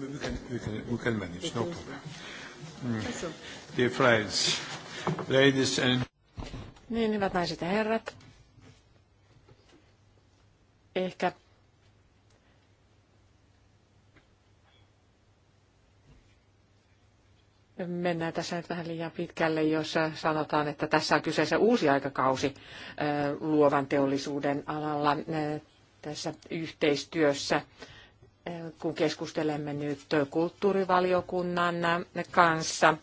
We can, we can, we can manage, no problem. Mm. Dear friends, ladies and... Niin, hyvät naiset ja herrat. Ehkä Mennään tässä nyt vähän liian pitkälle, jos sanotaan, että tässä on kyseessä uusi aikakausi luovan teollisuuden alalla tässä yhteistyössä kun keskustelemme nyt kulttuurivaliokunnan kanssa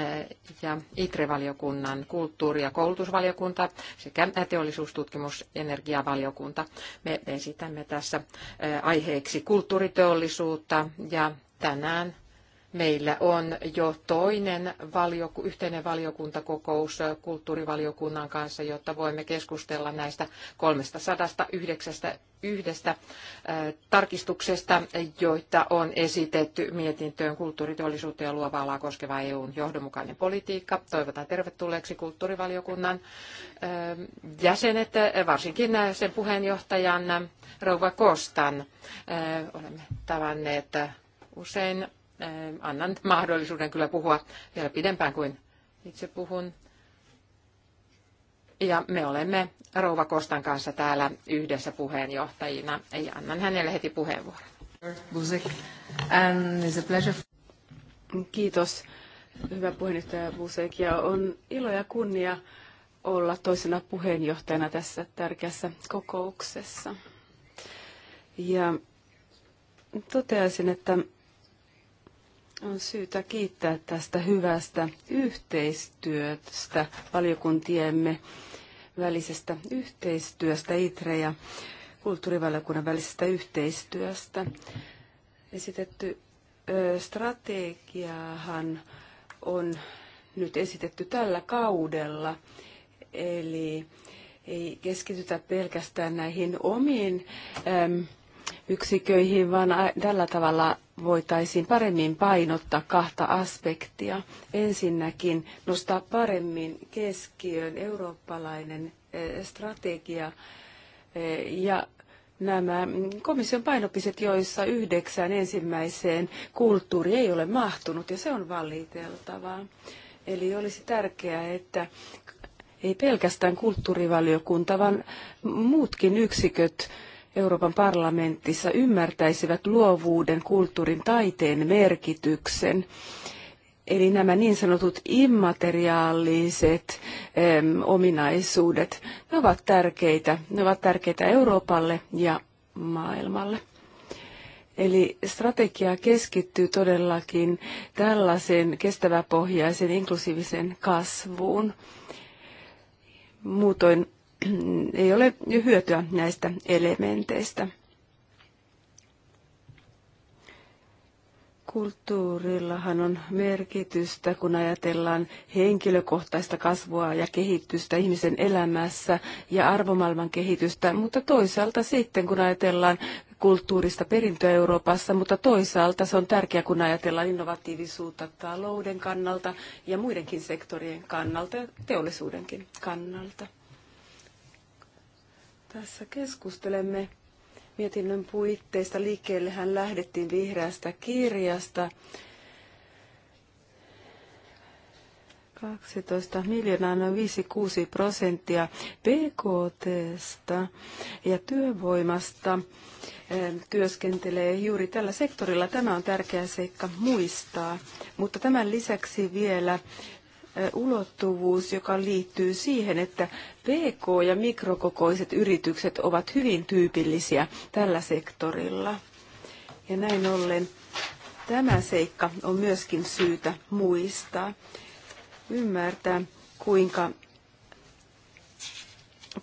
eh, ja ITRE-valiokunnan kulttuuri- ja koulutusvaliokunta sekä teollisuustutkimus- ja energiavaliokunta. Me esitämme tässä eh, aiheeksi kulttuuriteollisuutta ja tänään Meillä on jo toinen valioku, yhteinen valiokuntakokous kulttuurivaliokunnan kanssa, jotta voimme keskustella näistä 391 tarkistuksesta, joita on esitetty mietintöön kulttuuriteollisuutta ja luovaa alaa koskeva EUn johdonmukainen politiikka. Toivotan tervetulleeksi kulttuurivaliokunnan jäsenet, varsinkin sen puheenjohtajan Rouva Kostan. Olemme tavanneet usein Äh, annan mahdollisuuden kyllä puhua vielä pidempään kuin itse puhun. Ja me olemme Rouva Kostan kanssa täällä yhdessä puheenjohtajina. Ei annan hänelle heti puheenvuoron. Kiitos, hyvä puheenjohtaja Busek. Ja on ilo ja kunnia olla toisena puheenjohtajana tässä tärkeässä kokouksessa. Ja toteaisin, että on syytä kiittää tästä hyvästä yhteistyöstä, valiokuntiemme välisestä yhteistyöstä, ITRE ja kulttuurivaliokunnan välisestä yhteistyöstä. Esitetty ö, strategiahan on nyt esitetty tällä kaudella, eli ei keskitytä pelkästään näihin omiin yksiköihin, vaan tällä tavalla voitaisiin paremmin painottaa kahta aspektia. Ensinnäkin nostaa paremmin keskiöön eurooppalainen eh, strategia eh, ja nämä komission painopiset, joissa yhdeksään ensimmäiseen kulttuuri ei ole mahtunut, ja se on valiteltavaa. Eli olisi tärkeää, että ei pelkästään kulttuurivaliokunta, vaan muutkin yksiköt Euroopan parlamentissa ymmärtäisivät luovuuden, kulttuurin, taiteen merkityksen. Eli nämä niin sanotut immateriaaliset äm, ominaisuudet, ne ovat tärkeitä. Ne ovat tärkeitä Euroopalle ja maailmalle. Eli strategia keskittyy todellakin tällaisen kestäväpohjaisen inklusiivisen kasvuun. Muutoin ei ole hyötyä näistä elementeistä. Kulttuurillahan on merkitystä, kun ajatellaan henkilökohtaista kasvua ja kehitystä ihmisen elämässä ja arvomaailman kehitystä, mutta toisaalta sitten, kun ajatellaan kulttuurista perintöä Euroopassa, mutta toisaalta se on tärkeää, kun ajatellaan innovatiivisuutta talouden kannalta ja muidenkin sektorien kannalta ja teollisuudenkin kannalta. Tässä keskustelemme mietinnön puitteista. Liikkeellehän lähdettiin vihreästä kirjasta. 12 miljoonaa, noin 56 prosenttia BKTstä ja työvoimasta eh, työskentelee juuri tällä sektorilla. Tämä on tärkeä seikka muistaa, mutta tämän lisäksi vielä ulottuvuus, joka liittyy siihen, että PK- ja mikrokokoiset yritykset ovat hyvin tyypillisiä tällä sektorilla. Ja näin ollen tämä seikka on myöskin syytä muistaa. Ymmärtää, kuinka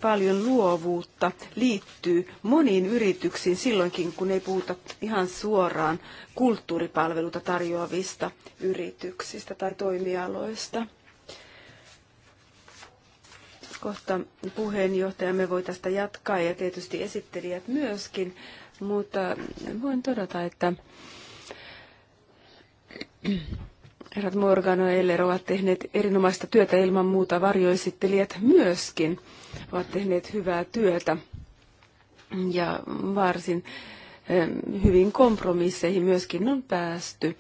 paljon luovuutta liittyy moniin yrityksiin silloinkin, kun ei puhuta ihan suoraan kulttuuripalveluita tarjoavista yrityksistä tai toimialoista kohta puheenjohtajamme voi tästä jatkaa ja tietysti esittelijät myöskin, mutta voin todeta, että herrat Morgano ja Eller ovat tehneet erinomaista työtä ilman muuta. Varjoesittelijät myöskin ovat tehneet hyvää työtä ja varsin hyvin kompromisseihin myöskin on päästy.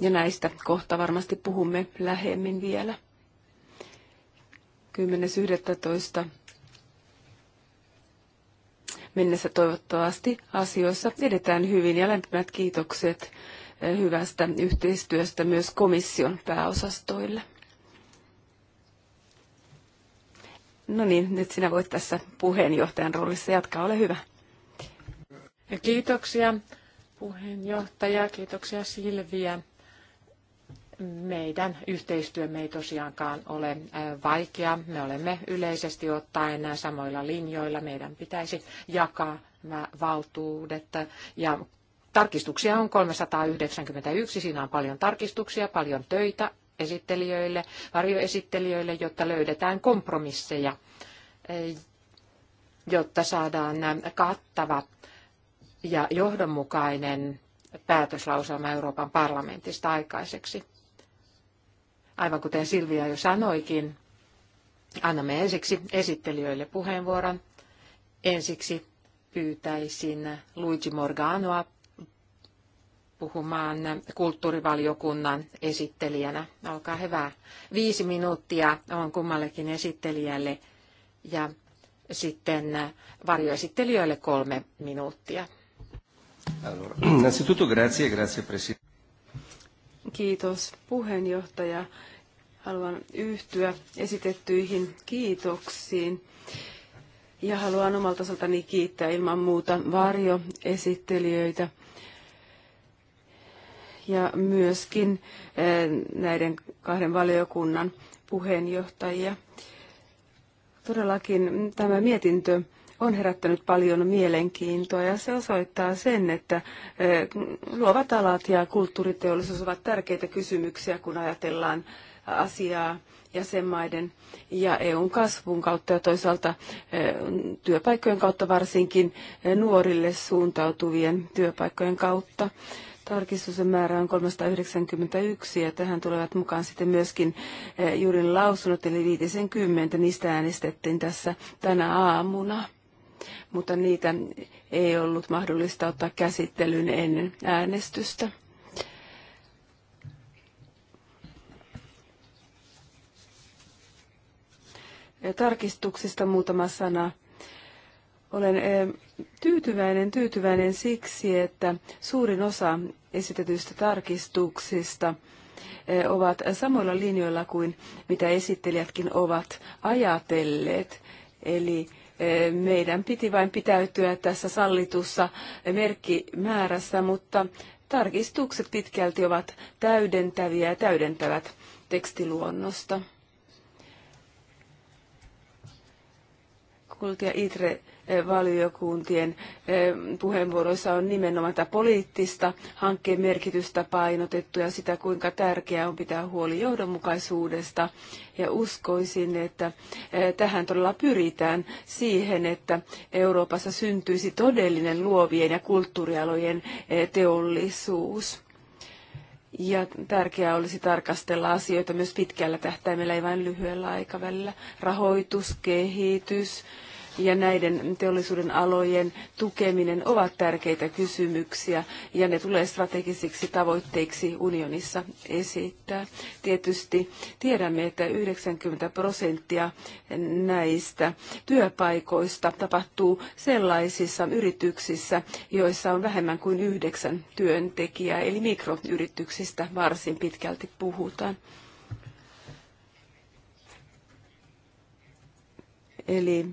Ja näistä kohta varmasti puhumme lähemmin vielä. 10.11. mennessä toivottavasti asioissa edetään hyvin ja lämpimät kiitokset eh, hyvästä yhteistyöstä myös komission pääosastoille. No niin, nyt sinä voit tässä puheenjohtajan roolissa jatkaa, ole hyvä. Kiitoksia puheenjohtaja, kiitoksia Silviä meidän yhteistyömme ei tosiaankaan ole äh, vaikea. Me olemme yleisesti ottaen samoilla linjoilla. Meidän pitäisi jakaa valtuudet ja Tarkistuksia on 391, siinä on paljon tarkistuksia, paljon töitä esittelijöille, varjoesittelijöille, jotta löydetään kompromisseja, äh, jotta saadaan kattava ja johdonmukainen päätöslauselma Euroopan parlamentista aikaiseksi. Aivan kuten Silvia jo sanoikin, annamme ensiksi esittelijöille puheenvuoron. Ensiksi pyytäisin Luigi Morganoa puhumaan kulttuurivaliokunnan esittelijänä. Olkaa hyvä. Viisi minuuttia on kummallekin esittelijälle ja sitten varjoesittelijöille kolme minuuttia. Allora, innanzitutto grazie, grazie Kiitos puheenjohtaja. Haluan yhtyä esitettyihin kiitoksiin. Ja haluan omalta osaltani kiittää ilman muuta varjoesittelijöitä ja myöskin eh, näiden kahden valiokunnan puheenjohtajia. Todellakin tämä mietintö on herättänyt paljon mielenkiintoa ja se osoittaa sen, että eh, luovat alat ja kulttuuriteollisuus ovat tärkeitä kysymyksiä, kun ajatellaan asiaa jäsenmaiden ja EUn kasvun kautta ja toisaalta eh, työpaikkojen kautta varsinkin eh, nuorille suuntautuvien työpaikkojen kautta. Tarkistusen määrä on 391 ja tähän tulevat mukaan sitten myöskin juurin lausunnot eli 50. Niistä äänestettiin tässä tänä aamuna mutta niitä ei ollut mahdollista ottaa käsittelyyn ennen äänestystä. Ja tarkistuksista muutama sana. Olen eh, tyytyväinen, tyytyväinen siksi, että suurin osa esitetyistä tarkistuksista eh, ovat samoilla linjoilla kuin mitä esittelijätkin ovat ajatelleet. Eli meidän piti vain pitäytyä tässä sallitussa merkkimäärässä, mutta tarkistukset pitkälti ovat täydentäviä ja täydentävät tekstiluonnosta. Kultia Itre Eh, valiokuntien eh, puheenvuoroissa on nimenomaan tätä poliittista hankkeen merkitystä painotettu ja sitä, kuinka tärkeää on pitää huoli johdonmukaisuudesta. Ja uskoisin, että eh, tähän todella pyritään siihen, että Euroopassa syntyisi todellinen luovien ja kulttuurialojen teollisuus. Ja tärkeää olisi tarkastella asioita myös pitkällä tähtäimellä, ei vain lyhyellä aikavälillä. Rahoitus, kehitys, ja näiden teollisuuden alojen tukeminen ovat tärkeitä kysymyksiä ja ne tulee strategisiksi tavoitteiksi unionissa esittää. Tietysti tiedämme, että 90 prosenttia näistä työpaikoista tapahtuu sellaisissa yrityksissä, joissa on vähemmän kuin yhdeksän työntekijää, eli mikroyrityksistä varsin pitkälti puhutaan. Eli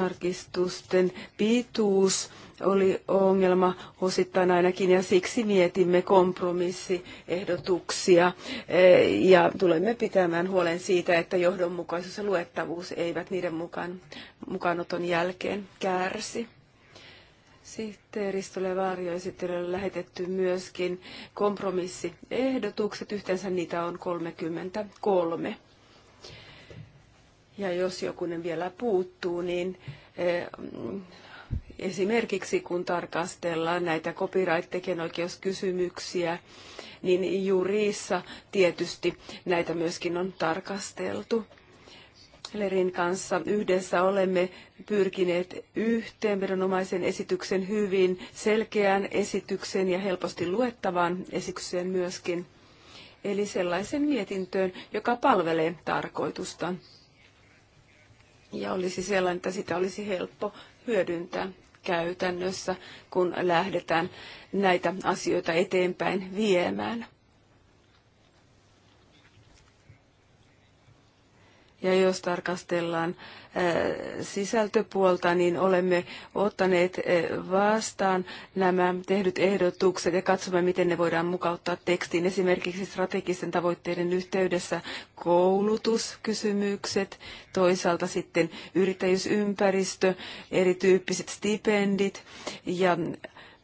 tarkistusten pituus oli ongelma osittain ainakin ja siksi mietimme kompromissiehdotuksia e, ja tulemme pitämään huolen siitä, että johdonmukaisuus ja luettavuus eivät niiden mukaan, mukaanoton jälkeen kärsi. Vaario on lähetetty myöskin kompromissiehdotukset. Yhteensä niitä on 33. Ja jos jokunen vielä puuttuu, niin eh, esimerkiksi kun tarkastellaan näitä copyright-tekijänoikeuskysymyksiä, niin juriissa tietysti näitä myöskin on tarkasteltu. Lerin kanssa yhdessä olemme pyrkineet yhteen yhteenvedonomaisen esityksen hyvin selkeään esityksen ja helposti luettavaan esitykseen myöskin, eli sellaisen mietintöön, joka palvelee tarkoitusta ja olisi sellainen, että sitä olisi helppo hyödyntää käytännössä, kun lähdetään näitä asioita eteenpäin viemään. Ja jos tarkastellaan äh, sisältöpuolta, niin olemme ottaneet äh, vastaan nämä tehdyt ehdotukset ja katsomme, miten ne voidaan mukauttaa tekstiin. Esimerkiksi strategisten tavoitteiden yhteydessä koulutuskysymykset, toisaalta sitten yrittäjyysympäristö, erityyppiset stipendit ja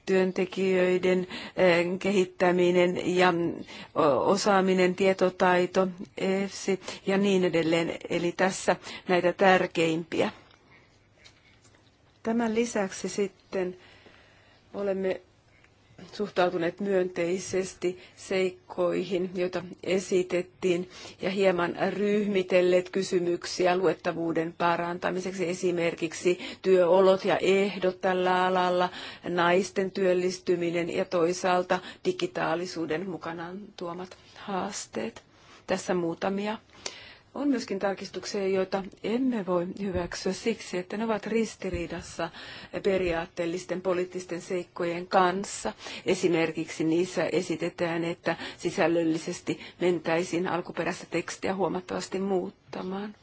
työntekijöiden eh, kehittäminen ja osaaminen, tietotaito, EFSI ja niin edelleen. Eli tässä näitä tärkeimpiä. Tämän lisäksi sitten olemme suhtautuneet myönteisesti seikkoihin, joita esitettiin, ja hieman ryhmitelleet kysymyksiä luettavuuden parantamiseksi, esimerkiksi työolot ja ehdot tällä alalla, naisten työllistyminen ja toisaalta digitaalisuuden mukanaan tuomat haasteet. Tässä muutamia on myöskin tarkistuksia, joita emme voi hyväksyä siksi, että ne ovat ristiriidassa periaatteellisten poliittisten seikkojen kanssa. Esimerkiksi niissä esitetään, että sisällöllisesti mentäisiin alkuperäistä tekstiä huomattavasti muuttamaan.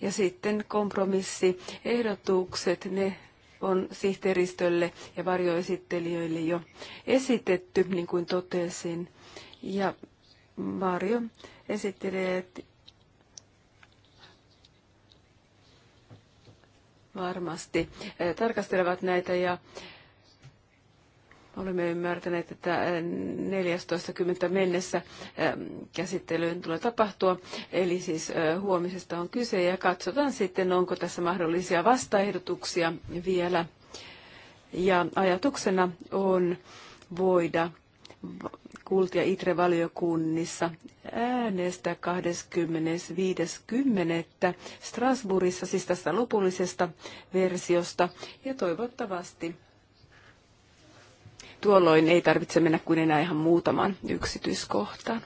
Ja sitten kompromissiehdotukset, ne on sihteeristölle ja varjoesittelijöille jo esitetty, niin kuin totesin. Ja Varjo esittelee, varmasti eh, tarkastelevat näitä ja olemme ymmärtäneet, että 14.10. Eh, mennessä eh, käsittelyyn tulee tapahtua. Eli siis huomisesta on kyse ja katsotaan sitten, onko tässä mahdollisia vastaehdotuksia vielä. Ja ajatuksena on voida Kult- ja ITRE-valiokunnissa äänestää 25.10. Strasbourgissa, siis tästä lopullisesta versiosta. Ja toivottavasti tuolloin ei tarvitse mennä kuin enää ihan muutaman yksityiskohtaan.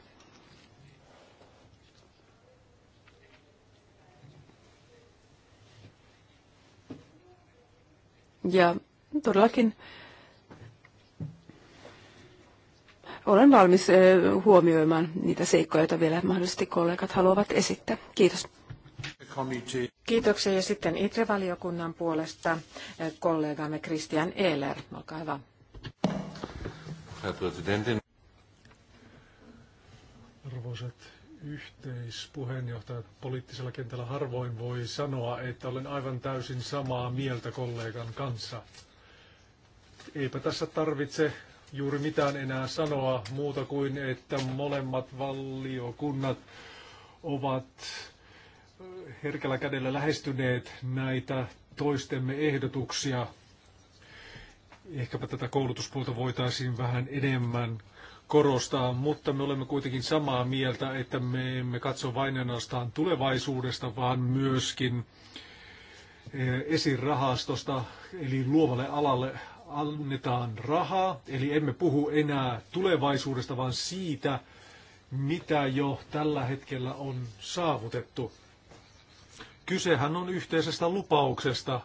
Ja todellakin olen valmis huomioimaan niitä seikkoja, joita vielä mahdollisesti kollegat haluavat esittää. Kiitos. Kiitoksia ja sitten ITRE-valiokunnan puolesta kollegamme Christian Ehler. Olkaa hyvä. Arvoisat yhteispuheenjohtajat poliittisella kentällä harvoin voi sanoa, että olen aivan täysin samaa mieltä kollegan kanssa. Eipä tässä tarvitse juuri mitään enää sanoa muuta kuin, että molemmat valiokunnat ovat herkällä kädellä lähestyneet näitä toistemme ehdotuksia. Ehkäpä tätä koulutuspuolta voitaisiin vähän enemmän korostaa, mutta me olemme kuitenkin samaa mieltä, että me emme katso vain ainoastaan tulevaisuudesta, vaan myöskin eh, esirahastosta, eli luovalle alalle annetaan rahaa, eli emme puhu enää tulevaisuudesta, vaan siitä, mitä jo tällä hetkellä on saavutettu. Kysehän on yhteisestä lupauksesta,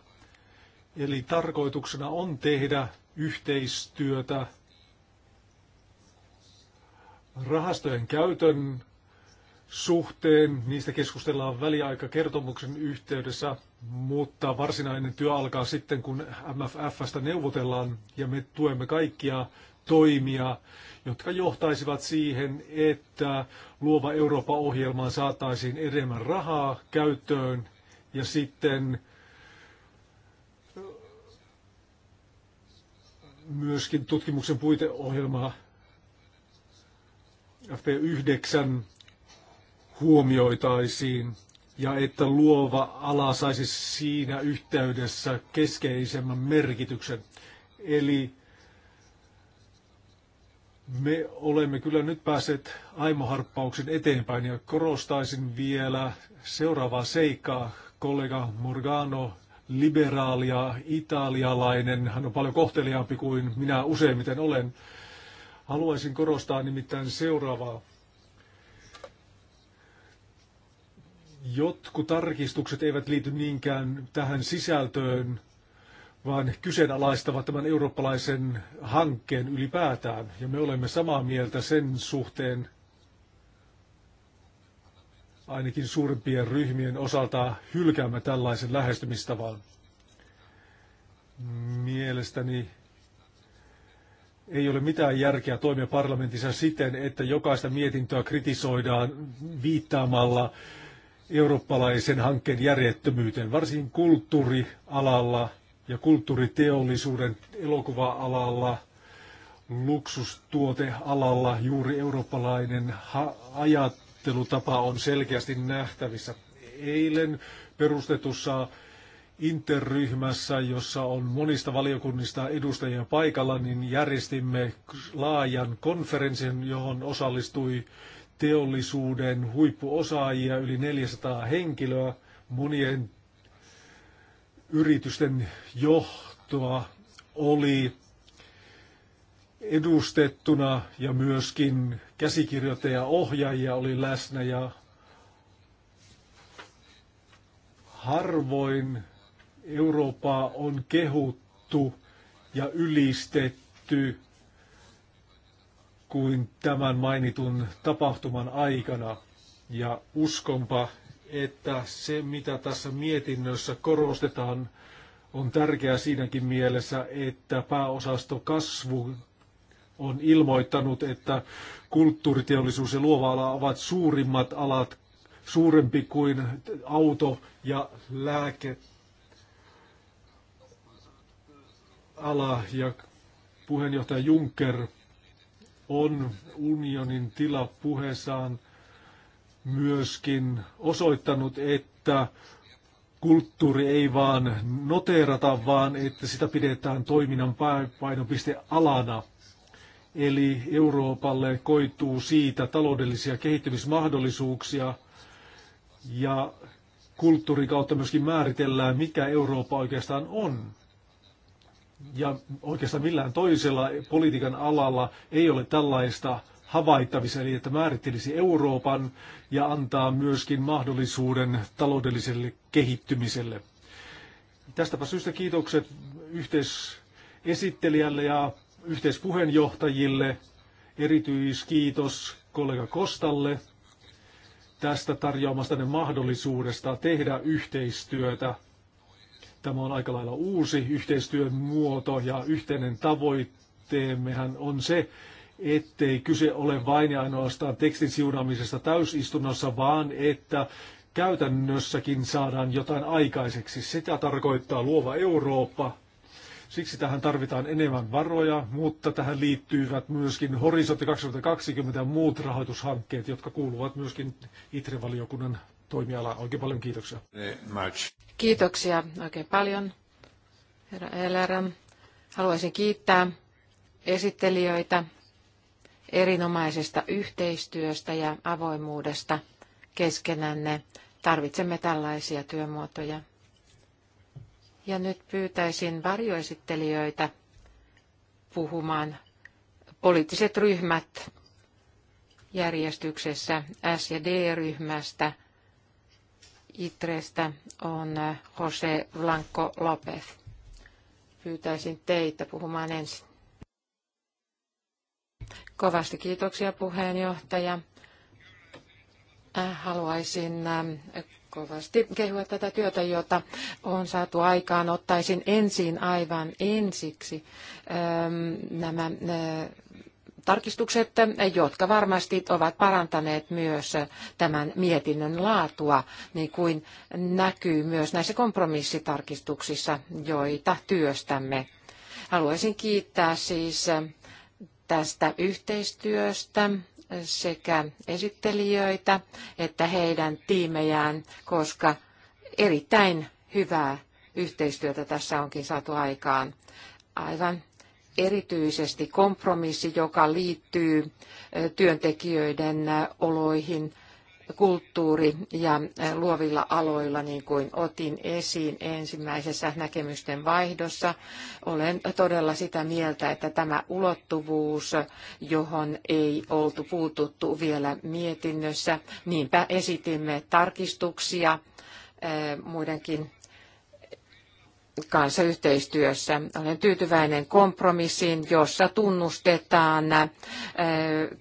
eli tarkoituksena on tehdä yhteistyötä rahastojen käytön suhteen. Niistä keskustellaan väliaikakertomuksen yhteydessä, mutta varsinainen työ alkaa sitten, kun MFFstä neuvotellaan ja me tuemme kaikkia toimia, jotka johtaisivat siihen, että luova Eurooppa-ohjelmaan saataisiin enemmän rahaa käyttöön ja sitten myöskin tutkimuksen puiteohjelmaa FP9 huomioitaisiin ja että luova ala saisi siinä yhteydessä keskeisemmän merkityksen. Eli me olemme kyllä nyt päässeet aimoharppauksen eteenpäin ja korostaisin vielä seuraavaa seikkaa. Kollega Morgano, liberaalia italialainen, hän on paljon kohteliaampi kuin minä useimmiten olen. Haluaisin korostaa nimittäin seuraavaa. Jotkut tarkistukset eivät liity niinkään tähän sisältöön, vaan kyseenalaistavat tämän eurooppalaisen hankkeen ylipäätään. Ja me olemme samaa mieltä sen suhteen, ainakin suurimpien ryhmien osalta hylkäämme tällaisen lähestymistavan. Mielestäni ei ole mitään järkeä toimia parlamentissa siten, että jokaista mietintöä kritisoidaan viittaamalla eurooppalaisen hankkeen järjettömyyteen, varsin kulttuurialalla ja kulttuuriteollisuuden elokuva-alalla, luksustuotealalla juuri eurooppalainen ajattelutapa on selkeästi nähtävissä. Eilen perustetussa interryhmässä, jossa on monista valiokunnista edustajia paikalla, niin järjestimme laajan konferenssin, johon osallistui teollisuuden huippuosaajia, yli 400 henkilöä, monien yritysten johtoa oli edustettuna ja myöskin ohjaajia oli läsnä ja harvoin Eurooppaa on kehuttu ja ylistetty kuin tämän mainitun tapahtuman aikana. Ja uskonpa, että se mitä tässä mietinnössä korostetaan, on tärkeää siinäkin mielessä, että pääosasto kasvu on ilmoittanut, että kulttuuriteollisuus ja luova ala ovat suurimmat alat, suurempi kuin auto ja lääke ala ja puheenjohtaja Juncker on unionin tila puheessaan myöskin osoittanut, että kulttuuri ei vaan noteerata, vaan että sitä pidetään toiminnan alana, Eli Euroopalle koituu siitä taloudellisia kehittymismahdollisuuksia ja kulttuurin kautta myöskin määritellään, mikä Eurooppa oikeastaan on ja oikeastaan millään toisella politiikan alalla ei ole tällaista havaittavissa, eli että määrittelisi Euroopan ja antaa myöskin mahdollisuuden taloudelliselle kehittymiselle. Tästäpä syystä kiitokset yhteisesittelijälle ja yhteispuheenjohtajille. Erityiskiitos kollega Kostalle tästä tarjoamastanne mahdollisuudesta tehdä yhteistyötä Tämä on aika lailla uusi yhteistyön muoto ja yhteinen tavoitteemmehän on se, ettei kyse ole vain ja ainoastaan tekstin siunaamisesta täysistunnossa, vaan että käytännössäkin saadaan jotain aikaiseksi. Sitä tarkoittaa luova Eurooppa. Siksi tähän tarvitaan enemmän varoja, mutta tähän liittyvät myöskin Horisontti 2020 ja muut rahoitushankkeet, jotka kuuluvat myöskin ITRE-valiokunnan toimialaa. Oikein paljon kiitoksia. Kiitoksia oikein paljon, herra Eller. Haluaisin kiittää esittelijöitä erinomaisesta yhteistyöstä ja avoimuudesta keskenänne. Tarvitsemme tällaisia työmuotoja. Ja nyt pyytäisin varjoesittelijöitä puhumaan poliittiset ryhmät järjestyksessä S- ja D-ryhmästä Itrestä on äh, Jose Blanco López. Pyytäisin teitä puhumaan ensin. Kovasti kiitoksia puheenjohtaja. Äh, haluaisin ähm, kovasti kehua tätä työtä, jota on saatu aikaan. Ottaisin ensin aivan ensiksi ähm, nämä äh, tarkistukset, jotka varmasti ovat parantaneet myös tämän mietinnön laatua, niin kuin näkyy myös näissä kompromissitarkistuksissa, joita työstämme. Haluaisin kiittää siis tästä yhteistyöstä sekä esittelijöitä että heidän tiimejään, koska erittäin hyvää yhteistyötä tässä onkin saatu aikaan. Aivan erityisesti kompromissi, joka liittyy työntekijöiden oloihin, kulttuuri- ja luovilla aloilla, niin kuin otin esiin ensimmäisessä näkemysten vaihdossa. Olen todella sitä mieltä, että tämä ulottuvuus, johon ei oltu puututtu vielä mietinnössä, niinpä esitimme tarkistuksia muidenkin kanssa yhteistyössä. Olen tyytyväinen kompromissiin, jossa tunnustetaan äh,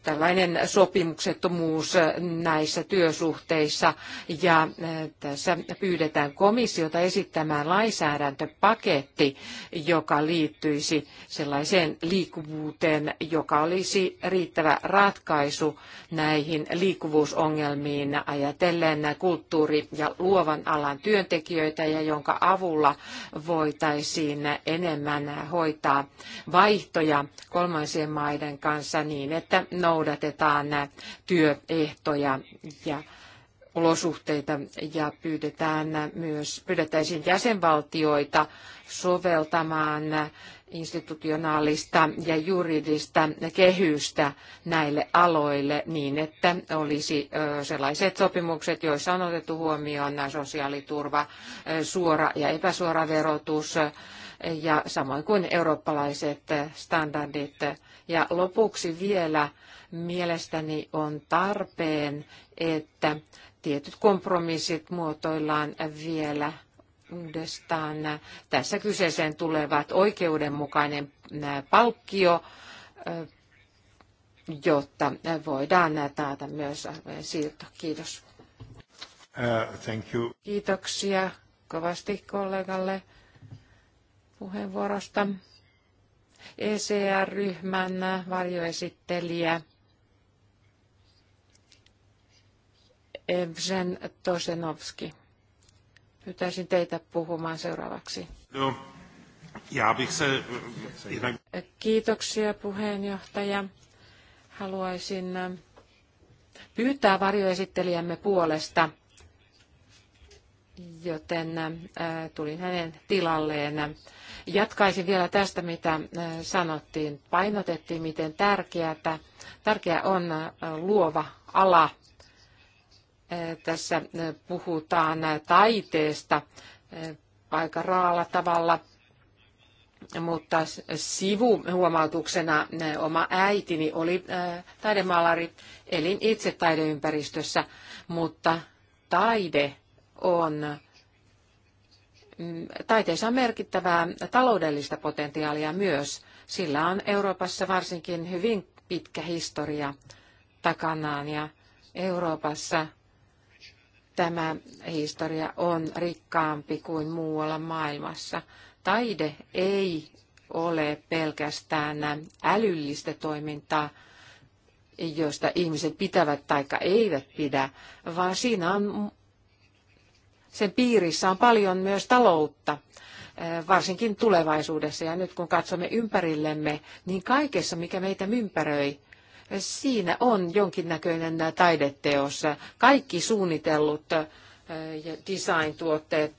tällainen sopimuksettomuus äh, näissä työsuhteissa ja äh, tässä pyydetään komissiota esittämään lainsäädäntöpaketti, joka liittyisi sellaiseen liikkuvuuteen, joka olisi riittävä ratkaisu näihin liikkuvuusongelmiin ajatellen kulttuuri- ja luovan alan työntekijöitä ja jonka avulla voitaisiin enemmän hoitaa vaihtoja kolmansien maiden kanssa niin, että noudatetaan työehtoja ja olosuhteita ja pyydetään myös, pyydettäisiin jäsenvaltioita soveltamaan institutionaalista ja juridista kehystä näille aloille niin, että olisi sellaiset sopimukset, joissa on otettu huomioon sosiaaliturva, suora ja epäsuora verotus ja samoin kuin eurooppalaiset standardit. Ja lopuksi vielä mielestäni on tarpeen, että tietyt kompromissit muotoillaan vielä uudestaan. Tässä kyseeseen tulevat oikeudenmukainen palkkio, jotta voidaan taata myös siirto. Kiitos. Uh, thank you. Kiitoksia kovasti kollegalle puheenvuorosta. ECR-ryhmän varjoesittelijä Evgen Tosenovski. Pyytäisin teitä puhumaan seuraavaksi. No. Ja, se... Kiitoksia puheenjohtaja. Haluaisin ähm, pyytää varjoesittelijämme puolesta, joten äh, tulin hänen tilalleen. Jatkaisin vielä tästä, mitä äh, sanottiin. Painotettiin, miten tärkeää, tärkeä on äh, luova ala tässä puhutaan taiteesta aika raalla tavalla, mutta sivuhuomautuksena oma äitini oli taidemaalari, elin itse taideympäristössä, mutta taide on mm, taiteessa on merkittävää taloudellista potentiaalia myös. Sillä on Euroopassa varsinkin hyvin pitkä historia takanaan ja Euroopassa tämä historia on rikkaampi kuin muualla maailmassa. Taide ei ole pelkästään älyllistä toimintaa, josta ihmiset pitävät tai eivät pidä, vaan siinä on, sen piirissä on paljon myös taloutta, eh, varsinkin tulevaisuudessa. Ja nyt kun katsomme ympärillemme, niin kaikessa, mikä meitä ympäröi, siinä on jonkinnäköinen taideteos. Kaikki suunnitellut ja design-tuotteet,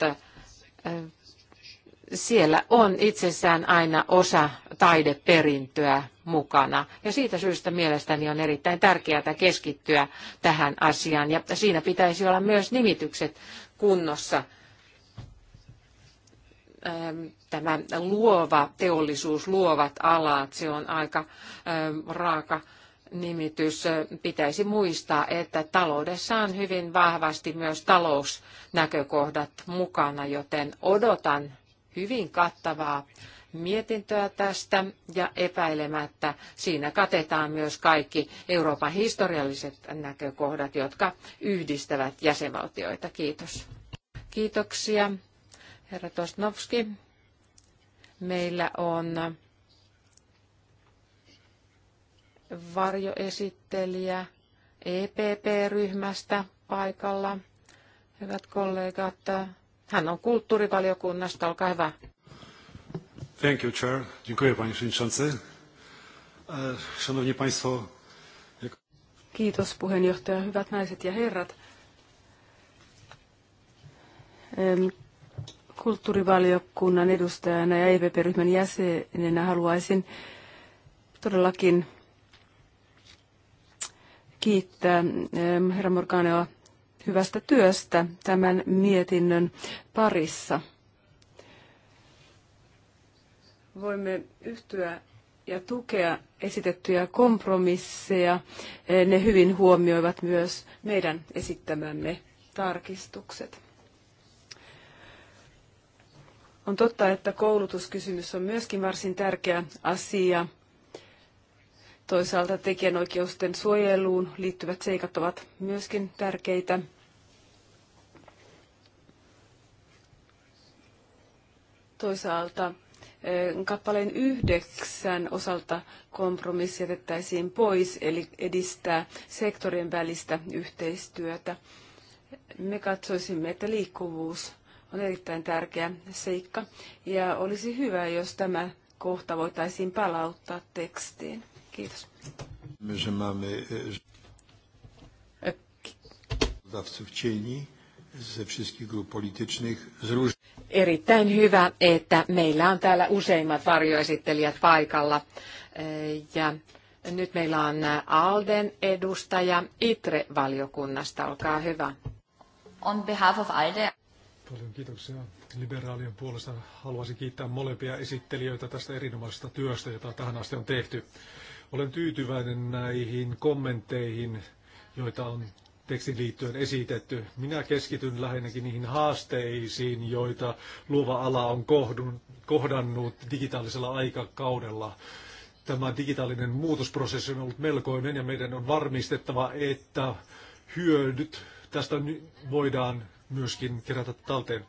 siellä on itsessään aina osa taideperintöä mukana. Ja siitä syystä mielestäni on erittäin tärkeää keskittyä tähän asiaan. Ja siinä pitäisi olla myös nimitykset kunnossa. Tämä luova teollisuus, luovat alat, se on aika raaka nimitys, pitäisi muistaa, että taloudessa on hyvin vahvasti myös talousnäkökohdat mukana, joten odotan hyvin kattavaa mietintöä tästä ja epäilemättä siinä katetaan myös kaikki Euroopan historialliset näkökohdat, jotka yhdistävät jäsenvaltioita. Kiitos. Kiitoksia, herra Tosnovski. Meillä on varjoesittelijä EPP-ryhmästä paikalla. Hyvät kollegat, hän on kulttuurivaliokunnasta, olkaa hyvä. Thank you, Chair. Dziękuję, panie przewodniczący. E, szanowni państwo. Kiitos puheenjohtaja, hyvät naiset ja herrat. Kulttuurivaliokunnan edustajana ja EPP-ryhmän jäsenenä haluaisin todellakin kiittää herra Morganoa hyvästä työstä tämän mietinnön parissa. Voimme yhtyä ja tukea esitettyjä kompromisseja. E, ne hyvin huomioivat myös meidän esittämämme tarkistukset. On totta, että koulutuskysymys on myöskin varsin tärkeä asia – Toisaalta tekijänoikeusten suojeluun liittyvät seikat ovat myöskin tärkeitä. Toisaalta eh, kappaleen yhdeksän osalta kompromissi jätettäisiin pois, eli edistää sektorien välistä yhteistyötä. Me katsoisimme, että liikkuvuus on erittäin tärkeä seikka, ja olisi hyvä, jos tämä kohta voitaisiin palauttaa tekstiin. Kiitos. My, że mamy cieni ze wszystkich grup politycznych z Erittäin hyvä, että meillä on täällä useimmat varjoesittelijät paikalla. Ja nyt meillä on Alden edustaja ITRE-valiokunnasta. Olkaa hyvä. On behalf of ALDE. Paljon kiitoksia liberaalien puolesta. Haluaisin kiittää molempia esittelijöitä tästä erinomaisesta työstä, jota tähän asti on tehty. Olen tyytyväinen näihin kommentteihin, joita on tekstin liittyen esitetty. Minä keskityn lähinnäkin niihin haasteisiin, joita luova ala on kohdun, kohdannut digitaalisella aikakaudella. Tämä digitaalinen muutosprosessi on ollut melkoinen ja meidän on varmistettava, että hyödyt tästä voidaan myöskin kerätä talteen.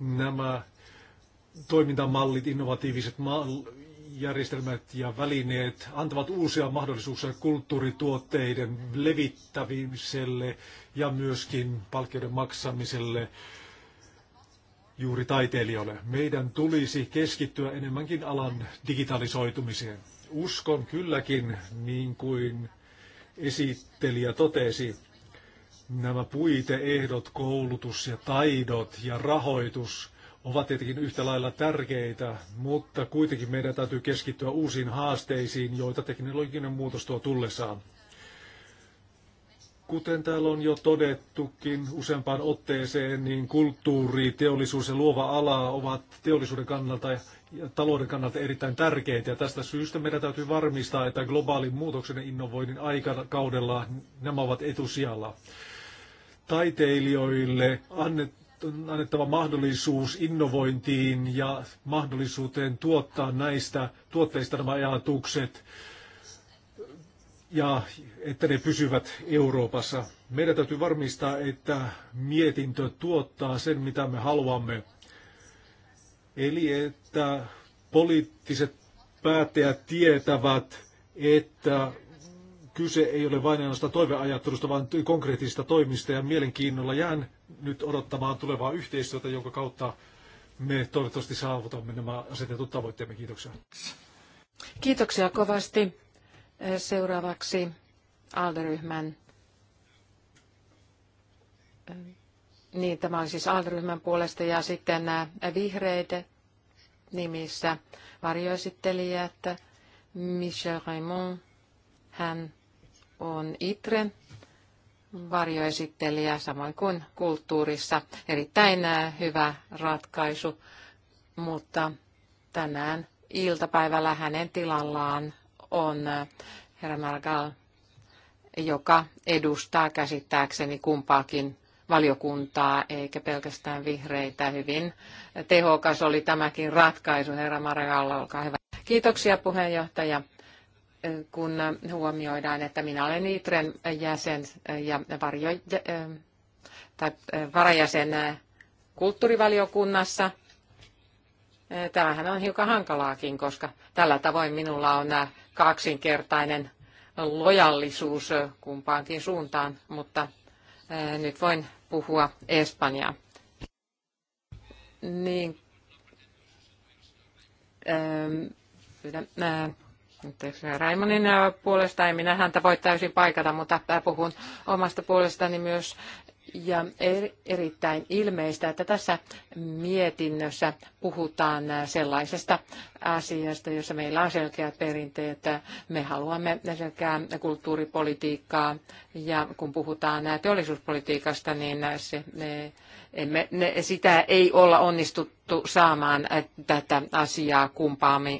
Nämä toimintamallit, innovatiiviset mal- järjestelmät ja välineet antavat uusia mahdollisuuksia kulttuurituotteiden levittämiselle ja myöskin palkkioiden maksamiselle juuri taiteilijoille. Meidän tulisi keskittyä enemmänkin alan digitalisoitumiseen. Uskon kylläkin, niin kuin esittelijä totesi, nämä puiteehdot, koulutus ja taidot ja rahoitus – ovat tietenkin yhtä lailla tärkeitä, mutta kuitenkin meidän täytyy keskittyä uusiin haasteisiin, joita teknologinen muutos tuo tullessaan. Kuten täällä on jo todettukin useampaan otteeseen, niin kulttuuri, teollisuus ja luova ala ovat teollisuuden kannalta ja talouden kannalta erittäin tärkeitä. Ja tästä syystä meidän täytyy varmistaa, että globaalin muutoksen ja innovoinnin aikakaudella nämä ovat etusijalla. Taiteilijoille annet, annettava mahdollisuus innovointiin ja mahdollisuuteen tuottaa näistä tuotteista nämä ajatukset ja että ne pysyvät Euroopassa. Meidän täytyy varmistaa, että mietintö tuottaa sen, mitä me haluamme. Eli että poliittiset päättäjät tietävät, että kyse ei ole vain ainoastaan toiveajattelusta, vaan konkreettisista toimista ja mielenkiinnolla jään nyt odottamaan tulevaa yhteistyötä, jonka kautta me toivottavasti saavutamme nämä asetetut tavoitteemme. Kiitoksia. Kiitoksia kovasti. Seuraavaksi Alderyhmän. Niin, tämä on siis Alderyhmän puolesta ja sitten äh, vihreiden nimissä varjoesittelijät Michel Raymond. Hän on Itren varjoesittelijä, samoin kuin kulttuurissa. Erittäin äh, hyvä ratkaisu, mutta tänään iltapäivällä hänen tilallaan on äh, herra Margal, joka edustaa käsittääkseni kumpaakin valiokuntaa, eikä pelkästään vihreitä. Hyvin tehokas oli tämäkin ratkaisu. Herra Margal, olkaa hyvä. Kiitoksia puheenjohtaja kun huomioidaan, että minä olen Itren jäsen ja varjo, tai varajäsen kulttuurivaliokunnassa. Tämähän on hiukan hankalaakin, koska tällä tavoin minulla on kaksinkertainen lojallisuus kumpaankin suuntaan, mutta nyt voin puhua Espanjaa. Niin, pyydän, Raimonin äh, puolesta, en minä häntä voi täysin paikata, mutta puhun omasta puolestani myös. Ja er, erittäin ilmeistä, että tässä mietinnössä puhutaan sellaisesta asiasta, jossa meillä on selkeät perinteet. Me haluamme selkeää kulttuuripolitiikkaa ja kun puhutaan teollisuuspolitiikasta, niin se, ne, emme, ne, sitä ei olla onnistuttu saamaan tätä asiaa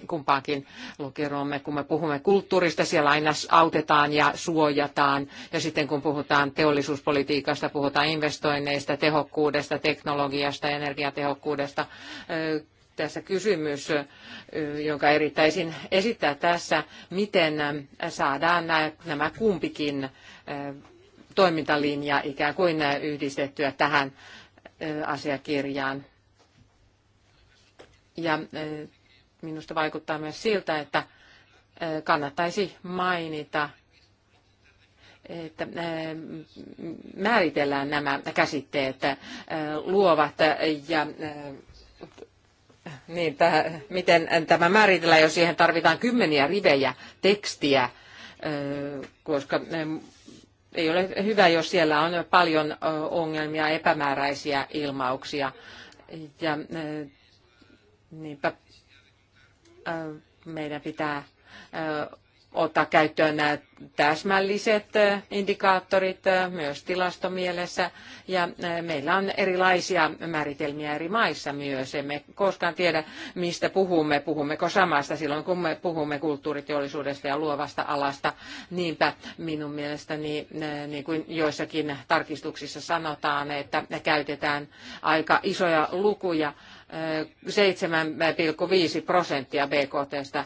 kumpaankin lokeroomme. Kun me puhumme kulttuurista, siellä aina autetaan ja suojataan. Ja sitten kun puhutaan teollisuuspolitiikasta, puhutaan investoinneista, tehokkuudesta, teknologiasta, energiasta energiatehokkuudesta tässä kysymys, jonka erittäisin esittää tässä, miten saadaan nämä kumpikin toimintalinja ikään kuin yhdistettyä tähän asiakirjaan. Ja minusta vaikuttaa myös siltä, että kannattaisi mainita että määritellään nämä käsitteet luovat ja niin, tämä, miten tämä määritellään, jos siihen tarvitaan kymmeniä rivejä tekstiä, koska ei ole hyvä, jos siellä on paljon ongelmia, epämääräisiä ilmauksia. Ja niinpä meidän pitää ottaa käyttöön nämä täsmälliset indikaattorit myös tilastomielessä. Ja meillä on erilaisia määritelmiä eri maissa myös. Emme koskaan tiedä, mistä puhumme. Puhummeko samasta silloin, kun me puhumme kulttuuriteollisuudesta ja luovasta alasta. Niinpä minun mielestäni, niin kuin joissakin tarkistuksissa sanotaan, että käytetään aika isoja lukuja 7,5 prosenttia BKTstä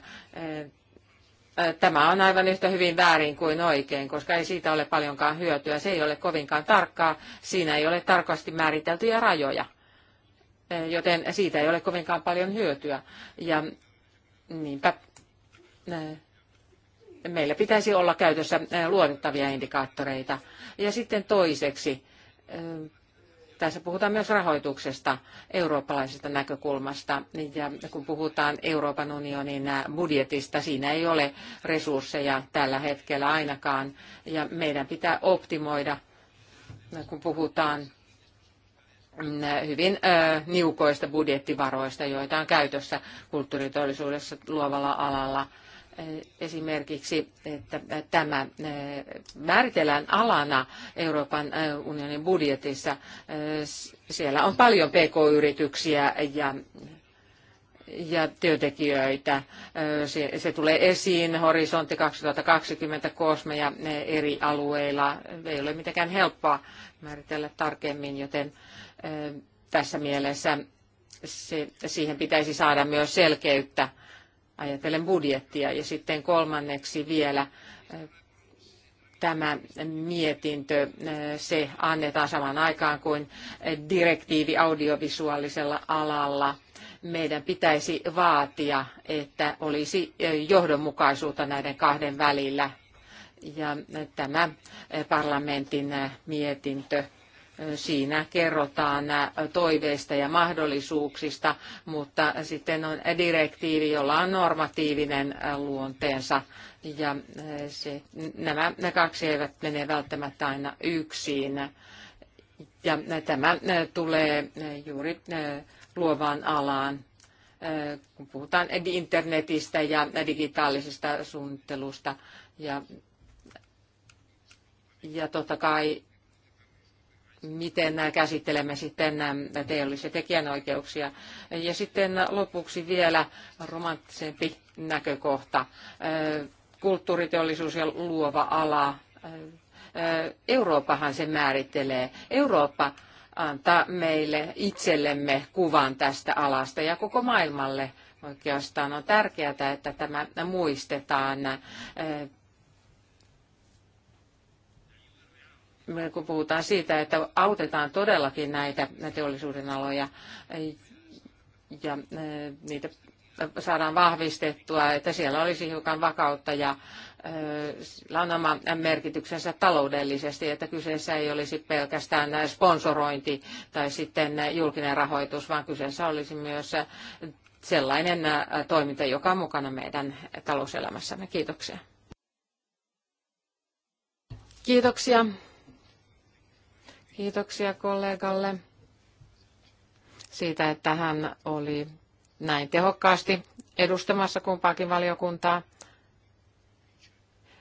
tämä on aivan yhtä hyvin väärin kuin oikein, koska ei siitä ole paljonkaan hyötyä. Se ei ole kovinkaan tarkkaa, siinä ei ole tarkasti määriteltyjä rajoja, joten siitä ei ole kovinkaan paljon hyötyä. Ja niinpä meillä pitäisi olla käytössä luotettavia indikaattoreita. Ja sitten toiseksi tässä puhutaan myös rahoituksesta eurooppalaisesta näkökulmasta. Ja kun puhutaan Euroopan unionin budjetista, siinä ei ole resursseja tällä hetkellä ainakaan. Ja meidän pitää optimoida, kun puhutaan hyvin niukoista budjettivaroista, joita on käytössä kulttuuriteollisuudessa luovalla alalla. Eh, esimerkiksi, että tämä eh, määritellään alana Euroopan eh, unionin budjetissa. Siellä on paljon pk-yrityksiä ja ja työntekijöitä. Se, tulee esiin horisontti 2020 kosme ja eri alueilla. Ei ole mitenkään helppoa määritellä tarkemmin, joten tässä mielessä se, siihen pitäisi saada myös selkeyttä ajatellen budjettia. Ja sitten kolmanneksi vielä eh, tämä mietintö, eh, se annetaan samaan aikaan kuin direktiivi audiovisuaalisella alalla. Meidän pitäisi vaatia, että olisi eh, johdonmukaisuutta näiden kahden välillä. Ja tämä parlamentin mietintö Siinä kerrotaan toiveista ja mahdollisuuksista, mutta sitten on direktiivi, jolla on normatiivinen luonteensa. Ja eh, se, nämä kaksi eivät mene välttämättä aina yksin. Ja eh, tämä eh, tulee juuri luovaan alaan, kun puhutaan internetistä ja digitaalisesta suunnittelusta. Ja, ja totta kai miten käsittelemme sitten teollisia tekijänoikeuksia. Ja sitten lopuksi vielä romanttisempi näkökohta, kulttuuriteollisuus ja luova ala. Euroopahan se määrittelee. Eurooppa antaa meille itsellemme kuvan tästä alasta ja koko maailmalle oikeastaan on tärkeää, että tämä muistetaan kun puhutaan siitä, että autetaan todellakin näitä teollisuuden aloja ja e, niitä saadaan vahvistettua, että siellä olisi hiukan vakautta ja e, sillä on oma merkityksensä taloudellisesti, että kyseessä ei olisi pelkästään sponsorointi tai sitten julkinen rahoitus, vaan kyseessä olisi myös sellainen e, toiminta, joka on mukana meidän talouselämässämme. Kiitoksia. Kiitoksia. Kiitoksia kollegalle siitä, että hän oli näin tehokkaasti edustamassa kumpaakin valiokuntaa.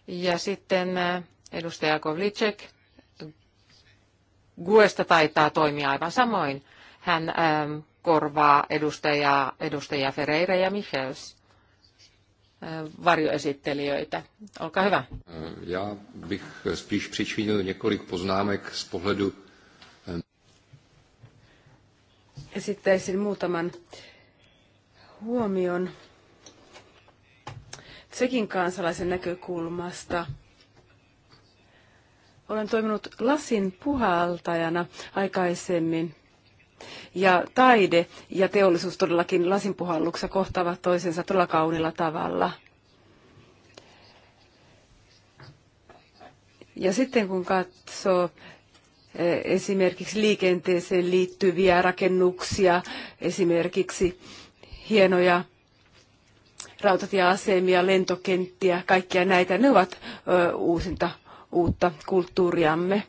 Ja sitten äh, edustaja Kovlicek Guesta taitaa toimia aivan samoin. Hän ähm, korvaa edustaja, edustaja Ferreira ja Michels äh, varjoesittelijöitä. Olkaa hyvä. Äh, ja bych spíš přičinil několik poznámek z pohledu Esittäisin muutaman huomion Tsekin kansalaisen näkökulmasta. Olen toiminut lasin puhaltajana aikaisemmin. Ja taide ja teollisuus todellakin lasinpuhalluksessa kohtaavat toisensa todella kaunilla tavalla. Ja sitten kun katsoo Eh, esimerkiksi liikenteeseen liittyviä rakennuksia, esimerkiksi hienoja rautatieasemia, lentokenttiä, kaikkia näitä. Ne ovat uusinta uutta kulttuuriamme.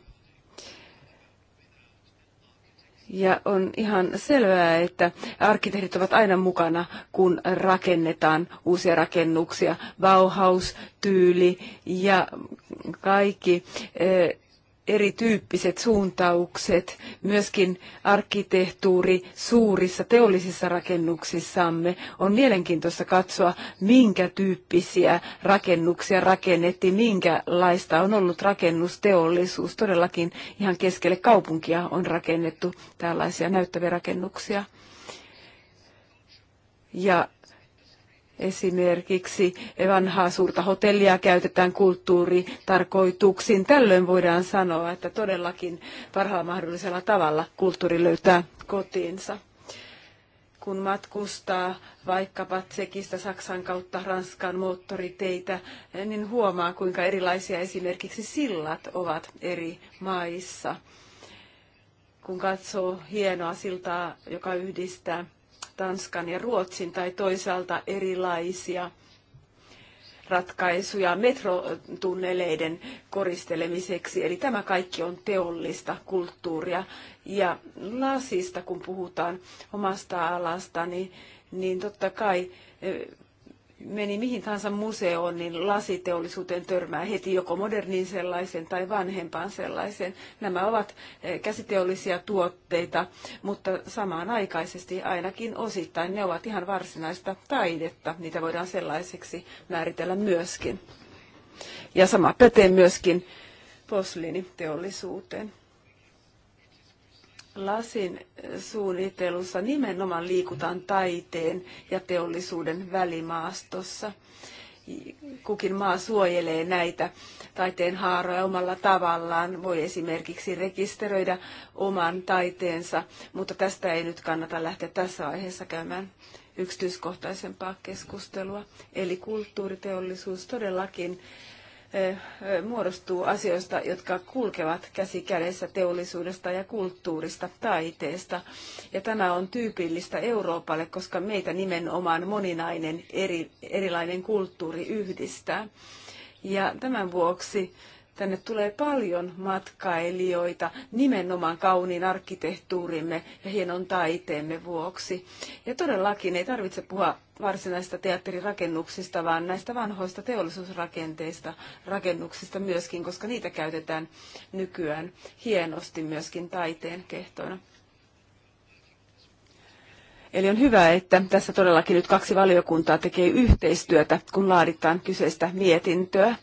Ja on ihan selvää, että arkkitehdit ovat aina mukana, kun rakennetaan uusia rakennuksia. Bauhaus, tyyli ja kaikki erityyppiset suuntaukset, myöskin arkkitehtuuri suurissa teollisissa rakennuksissamme. On mielenkiintoista katsoa, minkä tyyppisiä rakennuksia rakennettiin, minkälaista on ollut rakennusteollisuus. Todellakin ihan keskelle kaupunkia on rakennettu tällaisia näyttäviä rakennuksia. Ja Esimerkiksi vanhaa suurta hotellia käytetään kulttuuritarkoituksiin. Tällöin voidaan sanoa, että todellakin parhaalla mahdollisella tavalla kulttuuri löytää kotiinsa kun matkustaa vaikkapa Tsekistä Saksan kautta Ranskan moottoriteitä, niin huomaa, kuinka erilaisia esimerkiksi sillat ovat eri maissa. Kun katsoo hienoa siltaa, joka yhdistää Tanskan ja Ruotsin tai toisaalta erilaisia ratkaisuja metrotunneleiden koristelemiseksi. Eli tämä kaikki on teollista kulttuuria. Ja lasista, kun puhutaan omasta alasta, niin, niin totta kai eh, meni mihin tahansa museoon, niin lasiteollisuuteen törmää heti joko moderniin sellaisen tai vanhempaan sellaisen. Nämä ovat eh, käsiteollisia tuotteita, mutta samanaikaisesti ainakin osittain ne ovat ihan varsinaista taidetta. Niitä voidaan sellaiseksi määritellä myöskin. Ja sama pätee myöskin posliiniteollisuuteen. Lasin suunnittelussa nimenomaan liikutaan taiteen ja teollisuuden välimaastossa. Kukin maa suojelee näitä taiteen haaroja omalla tavallaan. Voi esimerkiksi rekisteröidä oman taiteensa, mutta tästä ei nyt kannata lähteä tässä vaiheessa käymään yksityiskohtaisempaa keskustelua. Eli kulttuuriteollisuus todellakin muodostuu asioista, jotka kulkevat käsi kädessä teollisuudesta ja kulttuurista, taiteesta. Ja tämä on tyypillistä Euroopalle, koska meitä nimenomaan moninainen eri, erilainen kulttuuri yhdistää. Ja tämän vuoksi tänne tulee paljon matkailijoita nimenomaan kauniin arkkitehtuurimme ja hienon taiteemme vuoksi. Ja todellakin ei tarvitse puhua varsinaisista teatterirakennuksista, vaan näistä vanhoista teollisuusrakenteista, rakennuksista myöskin, koska niitä käytetään nykyään hienosti myöskin taiteen kehtoina. Eli on hyvä, että tässä todellakin nyt kaksi valiokuntaa tekee yhteistyötä, kun laaditaan kyseistä mietintöä.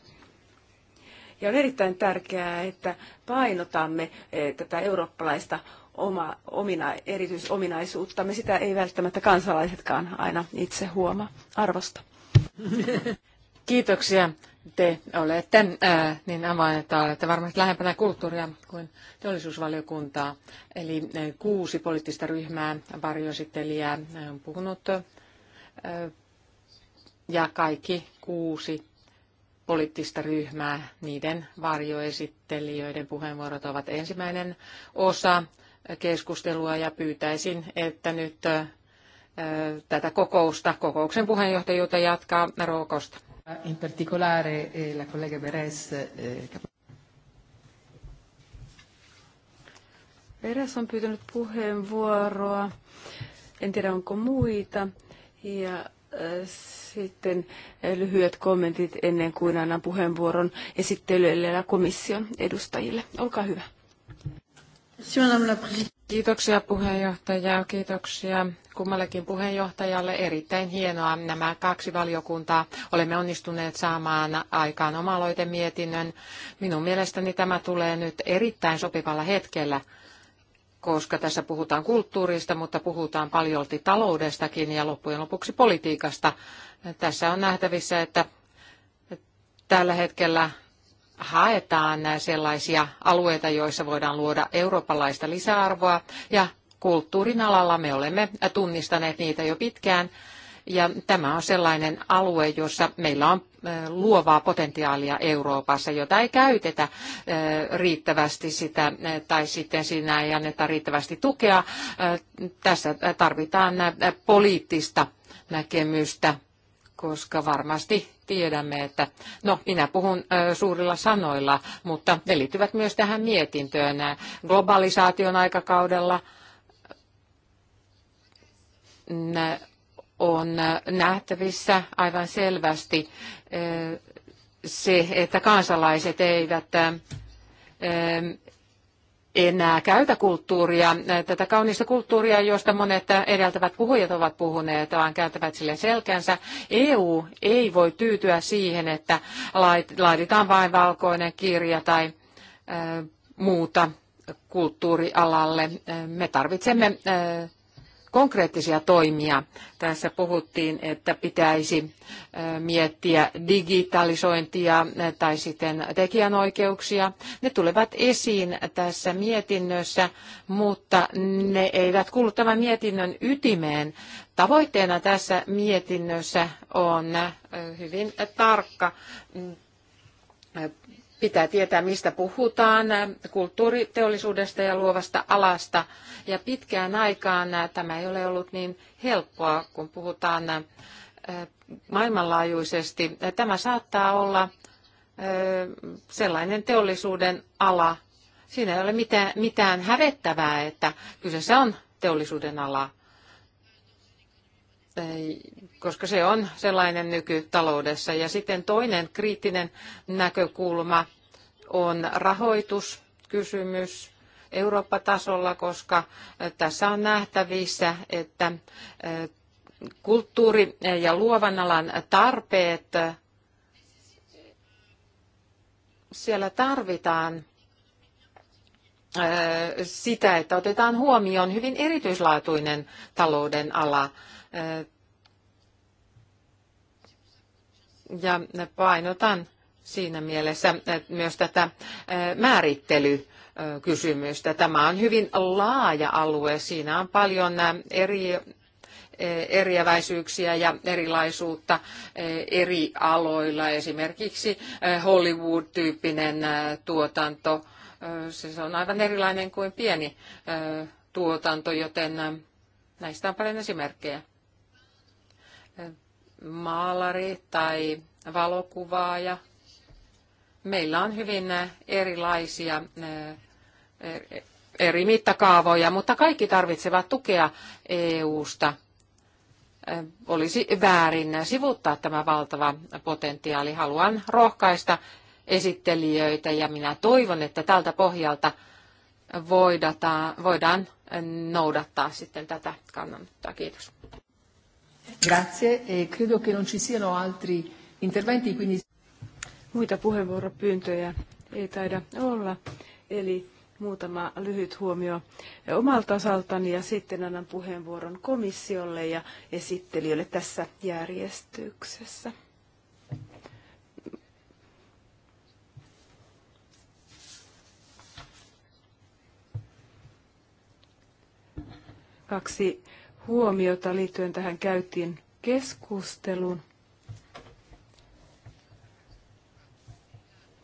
Ja on erittäin tärkeää, että painotamme eh, tätä eurooppalaista oma, omina, erityisominaisuutta. Me sitä ei välttämättä kansalaisetkaan aina itse huomaa arvosta. Kiitoksia. Te olette ää, niin avain, että olette varmasti lähempänä kulttuuria kuin teollisuusvaliokuntaa. Eli kuusi poliittista ryhmää, varjoesittelijää on puhunut. Ää, ja kaikki kuusi poliittista ryhmää, niiden varjoesittelijöiden puheenvuorot ovat ensimmäinen osa keskustelua ja pyytäisin, että nyt tätä kokousta, kokouksen puheenjohtajuutta jatkaa Rookosta. In particolare eh, la collega Beres. Eh, Beres on pyytänyt puheenvuoroa. En tiedä onko muita. Ja eh, sitten lyhyet kommentit ennen kuin annan puheenvuoron esittelyille ja komission edustajille. Olkaa hyvä. Kiitoksia puheenjohtaja, kiitoksia kummallekin puheenjohtajalle. Erittäin hienoa nämä kaksi valiokuntaa. Olemme onnistuneet saamaan aikaan oma mietinnön. Minun mielestäni tämä tulee nyt erittäin sopivalla hetkellä, koska tässä puhutaan kulttuurista, mutta puhutaan paljolti taloudestakin ja loppujen lopuksi politiikasta. Tässä on nähtävissä, että tällä hetkellä haetaan sellaisia alueita, joissa voidaan luoda eurooppalaista lisäarvoa ja kulttuurin alalla me olemme tunnistaneet niitä jo pitkään. Ja tämä on sellainen alue, jossa meillä on luovaa potentiaalia Euroopassa, jota ei käytetä riittävästi sitä, tai sitten siinä ei anneta riittävästi tukea. Tässä tarvitaan poliittista näkemystä koska varmasti tiedämme, että no minä puhun suurilla sanoilla, mutta ne liittyvät myös tähän mietintöön globalisaation aikakaudella. on nähtävissä aivan selvästi se, että kansalaiset eivät enää käytä kulttuuria, tätä kaunista kulttuuria, josta monet edeltävät puhujat ovat puhuneet, vaan käyttävät sille selkänsä. EU ei voi tyytyä siihen, että laaditaan vain valkoinen kirja tai muuta kulttuurialalle. Me tarvitsemme konkreettisia toimia. Tässä puhuttiin, että pitäisi miettiä digitalisointia tai sitten tekijänoikeuksia. Ne tulevat esiin tässä mietinnössä, mutta ne eivät kuulu tämän mietinnön ytimeen. Tavoitteena tässä mietinnössä on hyvin tarkka Pitää tietää, mistä puhutaan, kulttuuriteollisuudesta ja luovasta alasta. Ja pitkään aikaan äh, tämä ei ole ollut niin helppoa, kun puhutaan äh, maailmanlaajuisesti. Äh, tämä saattaa olla sellainen teollisuuden ala, siinä ei ole mitään, mitään hävettävää, että kyseessä on teollisuuden ala koska se on sellainen nykytaloudessa. Ja sitten toinen kriittinen näkökulma on rahoituskysymys Eurooppa-tasolla, koska tässä on nähtävissä, että kulttuuri- ja luovan alan tarpeet siellä tarvitaan sitä, että otetaan huomioon hyvin erityislaatuinen talouden ala. Ja painotan siinä mielessä myös tätä määrittely kysymystä. Tämä on hyvin laaja alue. Siinä on paljon eri eriäväisyyksiä ja erilaisuutta eri aloilla. Esimerkiksi Hollywood-tyyppinen tuotanto, se on aivan erilainen kuin pieni tuotanto, joten näistä on paljon esimerkkejä maalari tai valokuvaaja. Meillä on hyvin erilaisia e, eri mittakaavoja, mutta kaikki tarvitsevat tukea EU-sta. Olisi väärin sivuttaa tämä valtava potentiaali. Haluan rohkaista esittelijöitä ja minä toivon, että tältä pohjalta voidaan noudattaa sitten tätä kannanottoa. Kiitos. Grazie e credo che non ci siano altri interventi, quindi... Muita puheenvuoropyyntöjä ei taida olla, eli muutama lyhyt huomio omalta osaltani ja sitten annan puheenvuoron komissiolle ja esittelijöille tässä järjestyksessä. Kaksi huomiota liittyen tähän käytiin keskusteluun.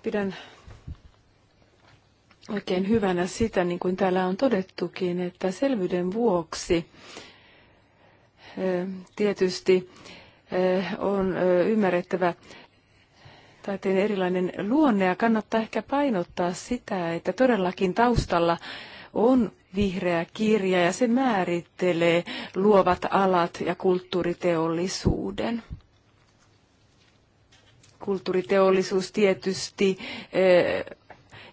Pidän oikein hyvänä sitä, niin kuin täällä on todettukin, että selvyyden vuoksi eh, tietysti eh, on eh, ymmärrettävä taiteen erilainen luonne ja kannattaa ehkä painottaa sitä, että todellakin taustalla on vihreä kirja ja se määrittelee luovat alat ja kulttuuriteollisuuden. Kulttuuriteollisuus tietysti eh,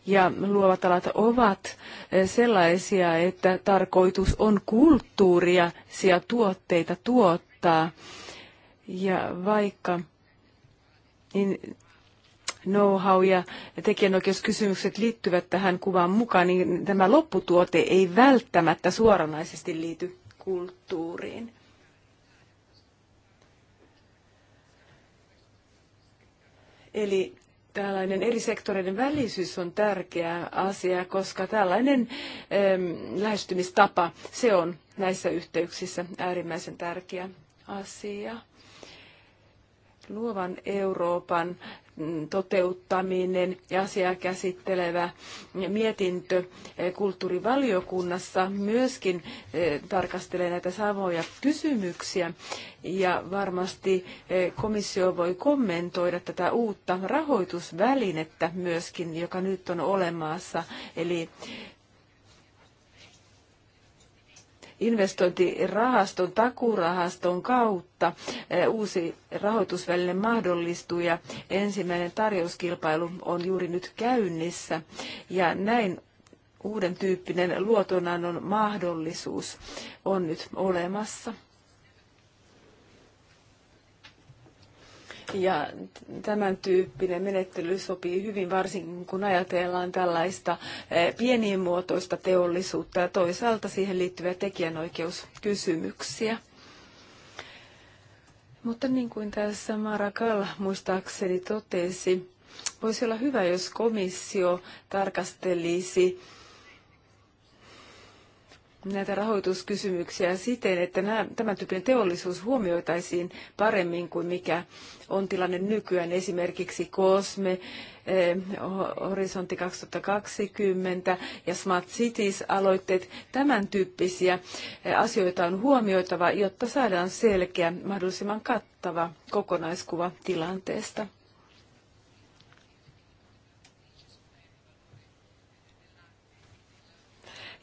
ja luovat alat ovat eh, sellaisia, että tarkoitus on kulttuuria ja tuotteita tuottaa. Ja vaikka niin know-how ja tekijänoikeuskysymykset liittyvät tähän kuvaan mukaan, niin tämä lopputuote ei välttämättä suoranaisesti liity kulttuuriin. Eli tällainen eri sektoreiden välisyys on tärkeä asia, koska tällainen äm, lähestymistapa, se on näissä yhteyksissä äärimmäisen tärkeä asia. Luovan Euroopan toteuttaminen ja asiaa käsittelevä mietintö eh, kulttuurivaliokunnassa myöskin eh, tarkastelee näitä samoja kysymyksiä ja varmasti eh, komissio voi kommentoida tätä uutta rahoitusvälinettä myöskin, joka nyt on olemassa, eli investointirahaston, takurahaston kautta uusi rahoitusväline mahdollistuu ja ensimmäinen tarjouskilpailu on juuri nyt käynnissä ja näin uuden tyyppinen luotonannon mahdollisuus on nyt olemassa. Ja tämän tyyppinen menettely sopii hyvin, varsinkin kun ajatellaan tällaista eh, muotoista teollisuutta ja toisaalta siihen liittyviä tekijänoikeuskysymyksiä. Mutta niin kuin tässä Marakal muistaakseni totesi, voisi olla hyvä, jos komissio tarkastelisi näitä rahoituskysymyksiä siten, että nämä, tämän tyyppinen teollisuus huomioitaisiin paremmin kuin mikä on tilanne nykyään. Esimerkiksi COSME, eh, Horisontti 2020 ja Smart Cities-aloitteet, tämän tyyppisiä eh, asioita on huomioitava, jotta saadaan selkeä, mahdollisimman kattava kokonaiskuva tilanteesta.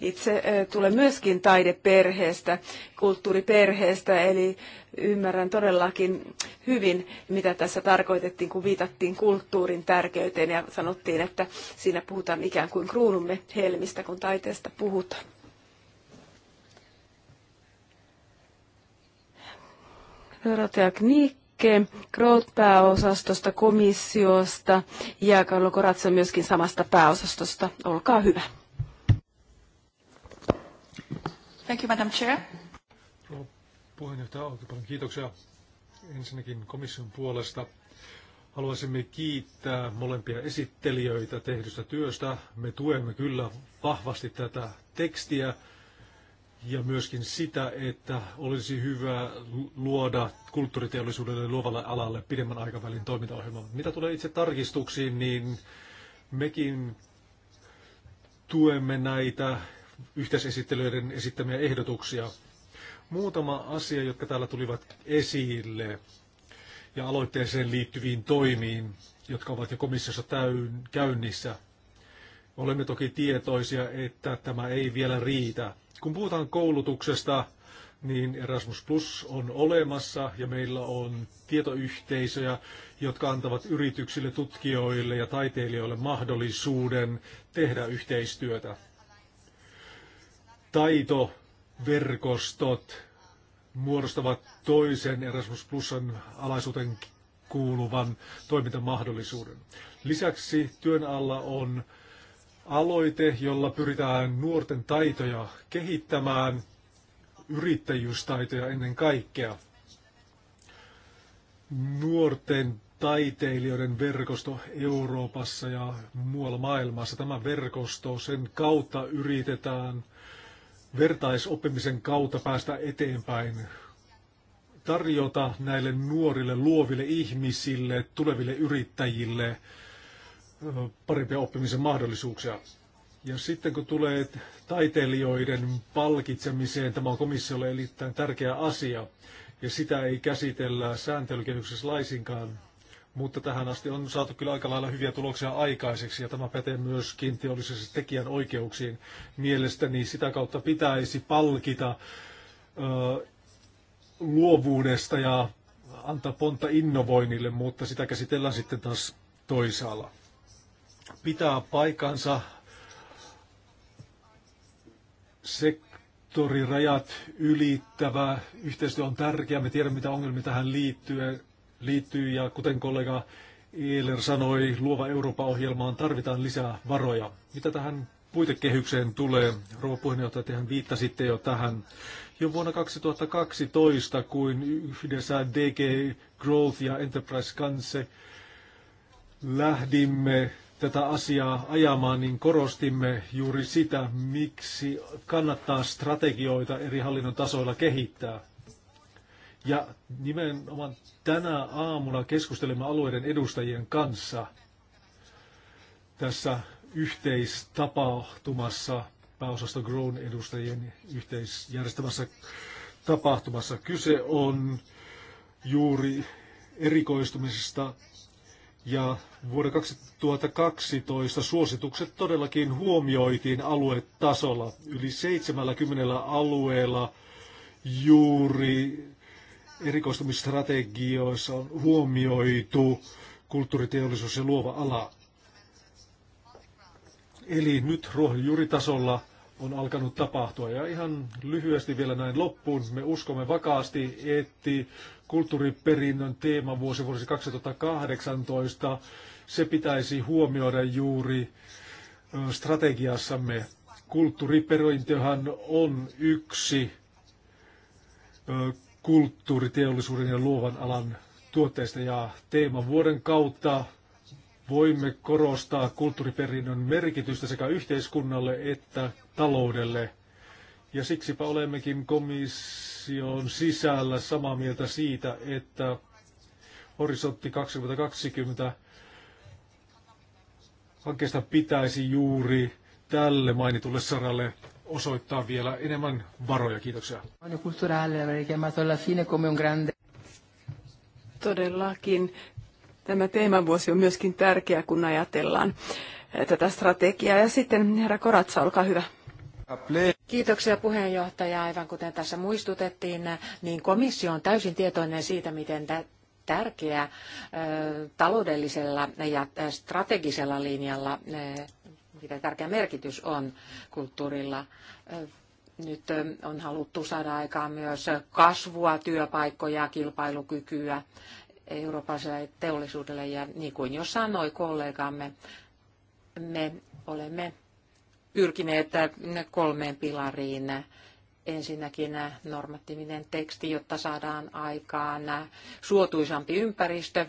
Itse tulen myöskin taideperheestä, kulttuuriperheestä, eli ymmärrän todellakin hyvin, mitä tässä tarkoitettiin, kun viitattiin kulttuurin tärkeyteen ja sanottiin, että siinä puhutaan ikään kuin kruunumme helmistä, kun taiteesta puhutaan. Dorotea Knikke, Growth-pääosastosta, komissiosta ja Karlo Corazzo myöskin samasta pääosastosta. Olkaa hyvä. Thank you, Madam Chair. Puheenjohtaja, paljon kiitoksia ensinnäkin komission puolesta. Haluaisimme kiittää molempia esittelijöitä tehdystä työstä. Me tuemme kyllä vahvasti tätä tekstiä ja myöskin sitä, että olisi hyvä luoda kulttuuriteollisuudelle luovalle alalle pidemmän aikavälin toimintaohjelma. Mitä tulee itse tarkistuksiin, niin mekin tuemme näitä yhteisesittelyiden esittämiä ehdotuksia. Muutama asia, jotka täällä tulivat esille ja aloitteeseen liittyviin toimiin, jotka ovat jo komissiossa täyn, käynnissä. Olemme toki tietoisia, että tämä ei vielä riitä. Kun puhutaan koulutuksesta, niin Erasmus Plus on olemassa ja meillä on tietoyhteisöjä, jotka antavat yrityksille, tutkijoille ja taiteilijoille mahdollisuuden tehdä yhteistyötä taitoverkostot muodostavat toisen Erasmus Plusan alaisuuteen kuuluvan toimintamahdollisuuden. Lisäksi työn alla on aloite, jolla pyritään nuorten taitoja kehittämään, yrittäjyystaitoja ennen kaikkea. Nuorten taiteilijoiden verkosto Euroopassa ja muualla maailmassa. Tämä verkosto, sen kautta yritetään – vertaisoppimisen kautta päästä eteenpäin, tarjota näille nuorille, luoville ihmisille, tuleville yrittäjille parempia oppimisen mahdollisuuksia. Ja sitten kun tulee taiteilijoiden palkitsemiseen, tämä on komissiolle erittäin tärkeä asia, ja sitä ei käsitellä sääntelykehyksessä laisinkaan, mutta tähän asti on saatu kyllä aika lailla hyviä tuloksia aikaiseksi, ja tämä pätee myös kiintiöllisesti tekijän oikeuksiin. Mielestäni sitä kautta pitäisi palkita ö, luovuudesta ja antaa pontta innovoinnille, mutta sitä käsitellään sitten taas toisaalla. Pitää paikansa sektorirajat ylittävä yhteistyö on tärkeää. Me tiedämme, mitä ongelmia tähän liittyy liittyy ja kuten kollega Eeler sanoi, Luova Eurooppa-ohjelmaan tarvitaan lisää varoja. Mitä tähän puitekehykseen tulee, rouva puheenjohtaja, tehän viittasitte jo tähän. Jo vuonna 2012, kuin yhdessä DG Growth ja Enterprise kanssa lähdimme tätä asiaa ajamaan, niin korostimme juuri sitä, miksi kannattaa strategioita eri hallinnon tasoilla kehittää. Ja nimenomaan tänä aamuna keskustelemme alueiden edustajien kanssa tässä yhteistapahtumassa, pääosasta Grown edustajien yhteisjärjestämässä tapahtumassa. Kyse on juuri erikoistumisesta ja vuoden 2012 suositukset todellakin huomioitiin aluetasolla. Yli 70 alueella juuri erikoistumisstrategioissa on huomioitu kulttuuriteollisuus ja luova ala. Eli nyt ruohonjuuritasolla on alkanut tapahtua. Ja ihan lyhyesti vielä näin loppuun. Me uskomme vakaasti, että kulttuuriperinnön teema vuosi vuosi 2018, se pitäisi huomioida juuri strategiassamme. Kulttuuriperintöhän on yksi kulttuuriteollisuuden ja luovan alan tuotteista ja teemavuoden kautta voimme korostaa kulttuuriperinnön merkitystä sekä yhteiskunnalle että taloudelle. Ja siksipä olemmekin komission sisällä samaa mieltä siitä, että horisontti 2020 hankkeesta pitäisi juuri tälle mainitulle saralle osoittaa vielä enemmän varoja. Kiitoksia. Todellakin. Tämä teemavuosi on myöskin tärkeä, kun ajatellaan eh, tätä strategiaa. Ja sitten herra Koratsa, olkaa hyvä. Kiitoksia puheenjohtaja. Aivan kuten tässä muistutettiin, niin komissio on täysin tietoinen siitä, miten tärkeä eh, taloudellisella ja eh, strategisella linjalla mitä tärkeä merkitys on kulttuurilla. Nyt on haluttu saada aikaan myös kasvua, työpaikkoja, kilpailukykyä eurooppalaiselle teollisuudelle. Ja niin kuin jo sanoi kollegamme, me olemme pyrkineet kolmeen pilariin. Ensinnäkin normatiivinen teksti, jotta saadaan aikaan suotuisampi ympäristö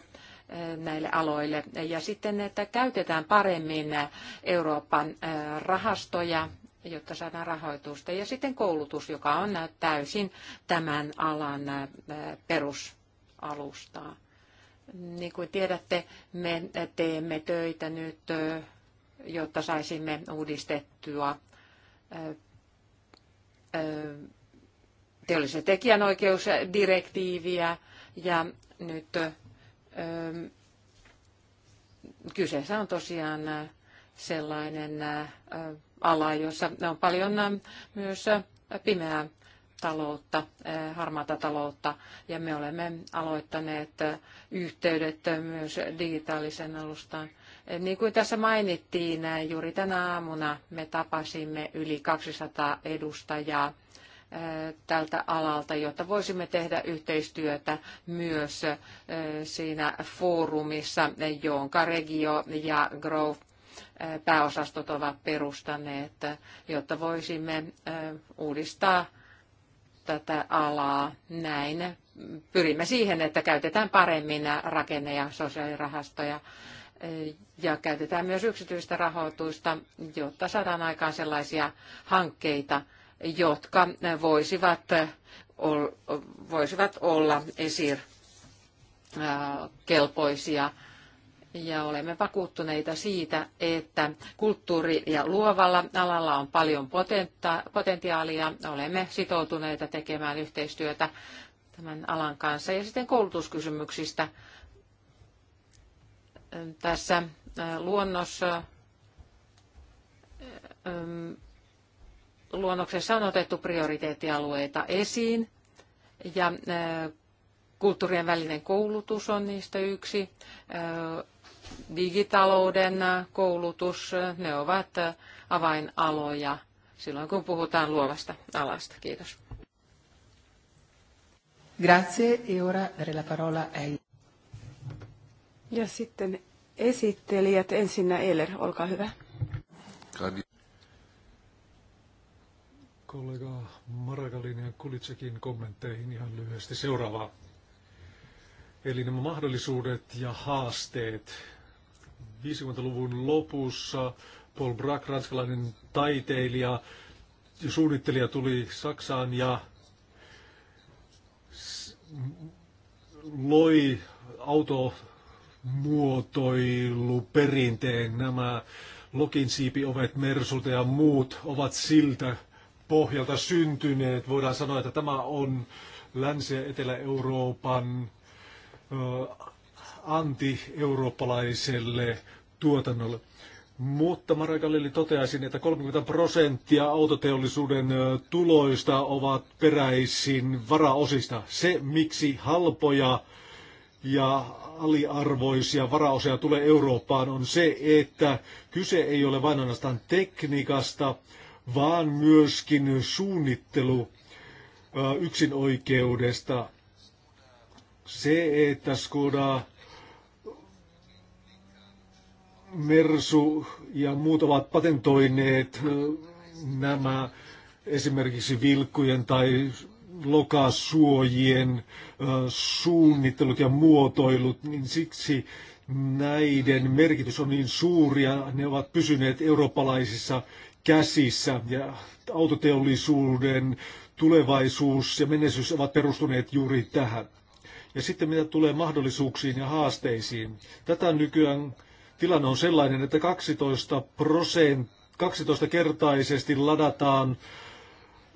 Eh, näille aloille. Ja sitten, että käytetään paremmin Euroopan eh, rahastoja, jotta saadaan rahoitusta. Ja sitten koulutus, joka on täysin tämän alan eh, perusalustaa. Niin kuin tiedätte, me teemme töitä nyt, jotta saisimme uudistettua teollisen tekijänoikeusdirektiiviä ja nyt Kyseessä on tosiaan äh, sellainen äh, äh, ala, jossa on paljon myös pimeää taloutta, harmaata taloutta, ja me olemme aloittaneet yhteydet myös digitaalisen alustaan. Niin kuin tässä mainittiin, juuri tänä aamuna me tapasimme yli 200 edustajaa tältä alalta, jotta voisimme tehdä yhteistyötä myös siinä foorumissa, jonka Regio ja Growth pääosastot ovat perustaneet, jotta voisimme uudistaa tätä alaa näin. Pyrimme siihen, että käytetään paremmin rakenne- ja sosiaalirahastoja ja käytetään myös yksityistä rahoitusta, jotta saadaan aikaan sellaisia hankkeita, jotka voisivat, voisivat olla esirkelpoisia. Ja olemme vakuuttuneita siitä, että kulttuuri- ja luovalla alalla on paljon potentiaalia. Olemme sitoutuneita tekemään yhteistyötä tämän alan kanssa. Ja sitten koulutuskysymyksistä. Tässä luonnossa luonnoksessa on otettu prioriteettialueita esiin ja kulttuurien välinen koulutus on niistä yksi. Digitalouden koulutus, ne ovat avainaloja silloin, kun puhutaan luovasta alasta. Kiitos. Grazie e ora dare la parola ai. Ja sitten esittelijät. Ensinnä Eller, olkaa hyvä. Grazie kollega Maragalin ja Kulitsekin kommentteihin ihan lyhyesti seuraavaa. Eli nämä mahdollisuudet ja haasteet. 50-luvun lopussa Paul Brack, ranskalainen taiteilija ja suunnittelija, tuli Saksaan ja loi automuotoiluperinteen. Nämä Lokin siipiovet, Mersut ja muut ovat siltä pohjalta syntyneet. Voidaan sanoa, että tämä on Länsi- ja Etelä-Euroopan anti-eurooppalaiselle tuotannolle. Mutta Mara Galili toteaisin, että 30 prosenttia autoteollisuuden tuloista ovat peräisin varaosista. Se, miksi halpoja ja aliarvoisia varaosia tulee Eurooppaan, on se, että kyse ei ole vain ainoastaan tekniikasta, vaan myöskin suunnittelu yksinoikeudesta. Se, että Skoda, Mersu ja muut ovat patentoineet nämä esimerkiksi vilkkujen tai lokasuojien suunnittelut ja muotoilut, niin siksi näiden merkitys on niin suuri ja ne ovat pysyneet eurooppalaisissa käsissä ja autoteollisuuden tulevaisuus ja menestys ovat perustuneet juuri tähän. Ja sitten mitä tulee mahdollisuuksiin ja haasteisiin. Tätä nykyään tilanne on sellainen, että 12 prosenttia 12-kertaisesti ladataan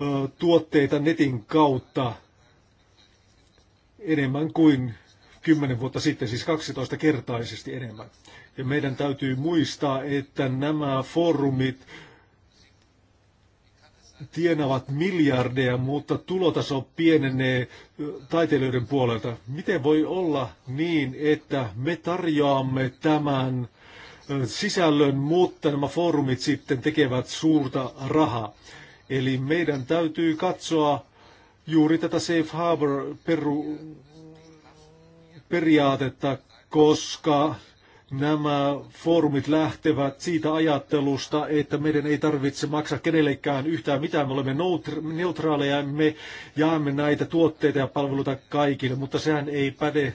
ö, tuotteita netin kautta enemmän kuin 10 vuotta sitten, siis 12-kertaisesti enemmän. Ja meidän täytyy muistaa, että nämä foorumit tienavat miljardeja, mutta tulotaso pienenee taiteilijoiden puolelta. Miten voi olla niin, että me tarjoamme tämän sisällön, mutta nämä foorumit sitten tekevät suurta rahaa? Eli meidän täytyy katsoa juuri tätä Safe Harbor peru, periaatetta, koska nämä foorumit lähtevät siitä ajattelusta, että meidän ei tarvitse maksaa kenellekään yhtään mitään. Me olemme neutraaleja ja me jaamme näitä tuotteita ja palveluita kaikille, mutta sehän ei päde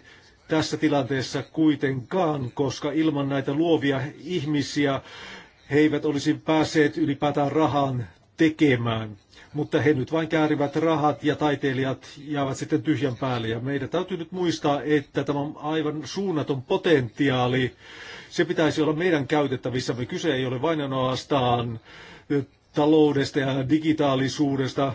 tässä tilanteessa kuitenkaan, koska ilman näitä luovia ihmisiä he eivät olisi päässeet ylipäätään rahan tekemään. Mutta he nyt vain käärivät rahat ja taiteilijat jäävät sitten tyhjän päälle. Ja meidän täytyy nyt muistaa, että tämä on aivan suunnaton potentiaali. Se pitäisi olla meidän käytettävissä me Kyse ei ole vain ainoastaan taloudesta ja digitaalisuudesta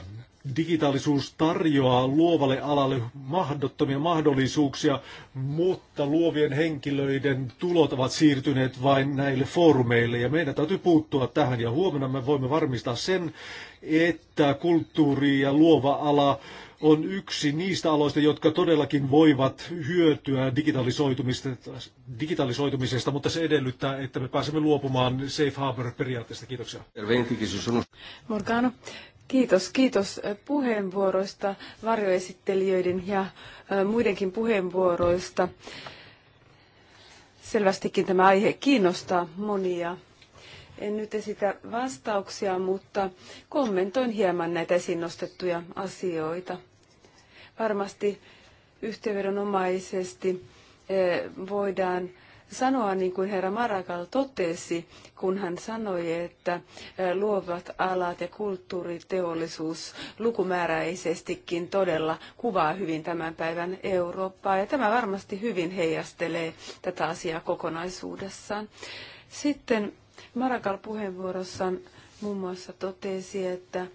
digitaalisuus tarjoaa luovalle alalle mahdottomia mahdollisuuksia, mutta luovien henkilöiden tulot ovat siirtyneet vain näille foorumeille ja meidän täytyy puuttua tähän ja huomenna me voimme varmistaa sen, että kulttuuri ja luova ala on yksi niistä aloista, jotka todellakin voivat hyötyä digitalisoitumisesta, digitalisoitumisesta mutta se edellyttää, että me pääsemme luopumaan Safe Harbor-periaatteesta. Kiitoksia. Morgano, Kiitos, kiitos puheenvuoroista, varjoesittelijöiden ja muidenkin puheenvuoroista. Selvästikin tämä aihe kiinnostaa monia. En nyt esitä vastauksia, mutta kommentoin hieman näitä esiin nostettuja asioita. Varmasti yhteydenomaisesti voidaan sanoa, niin kuin herra Marakal totesi, kun hän sanoi, että luovat alat ja kulttuuriteollisuus lukumääräisestikin todella kuvaa hyvin tämän päivän Eurooppaa. Ja tämä varmasti hyvin heijastelee tätä asiaa kokonaisuudessaan. Sitten Marakal puheenvuorossaan muun muassa totesi, että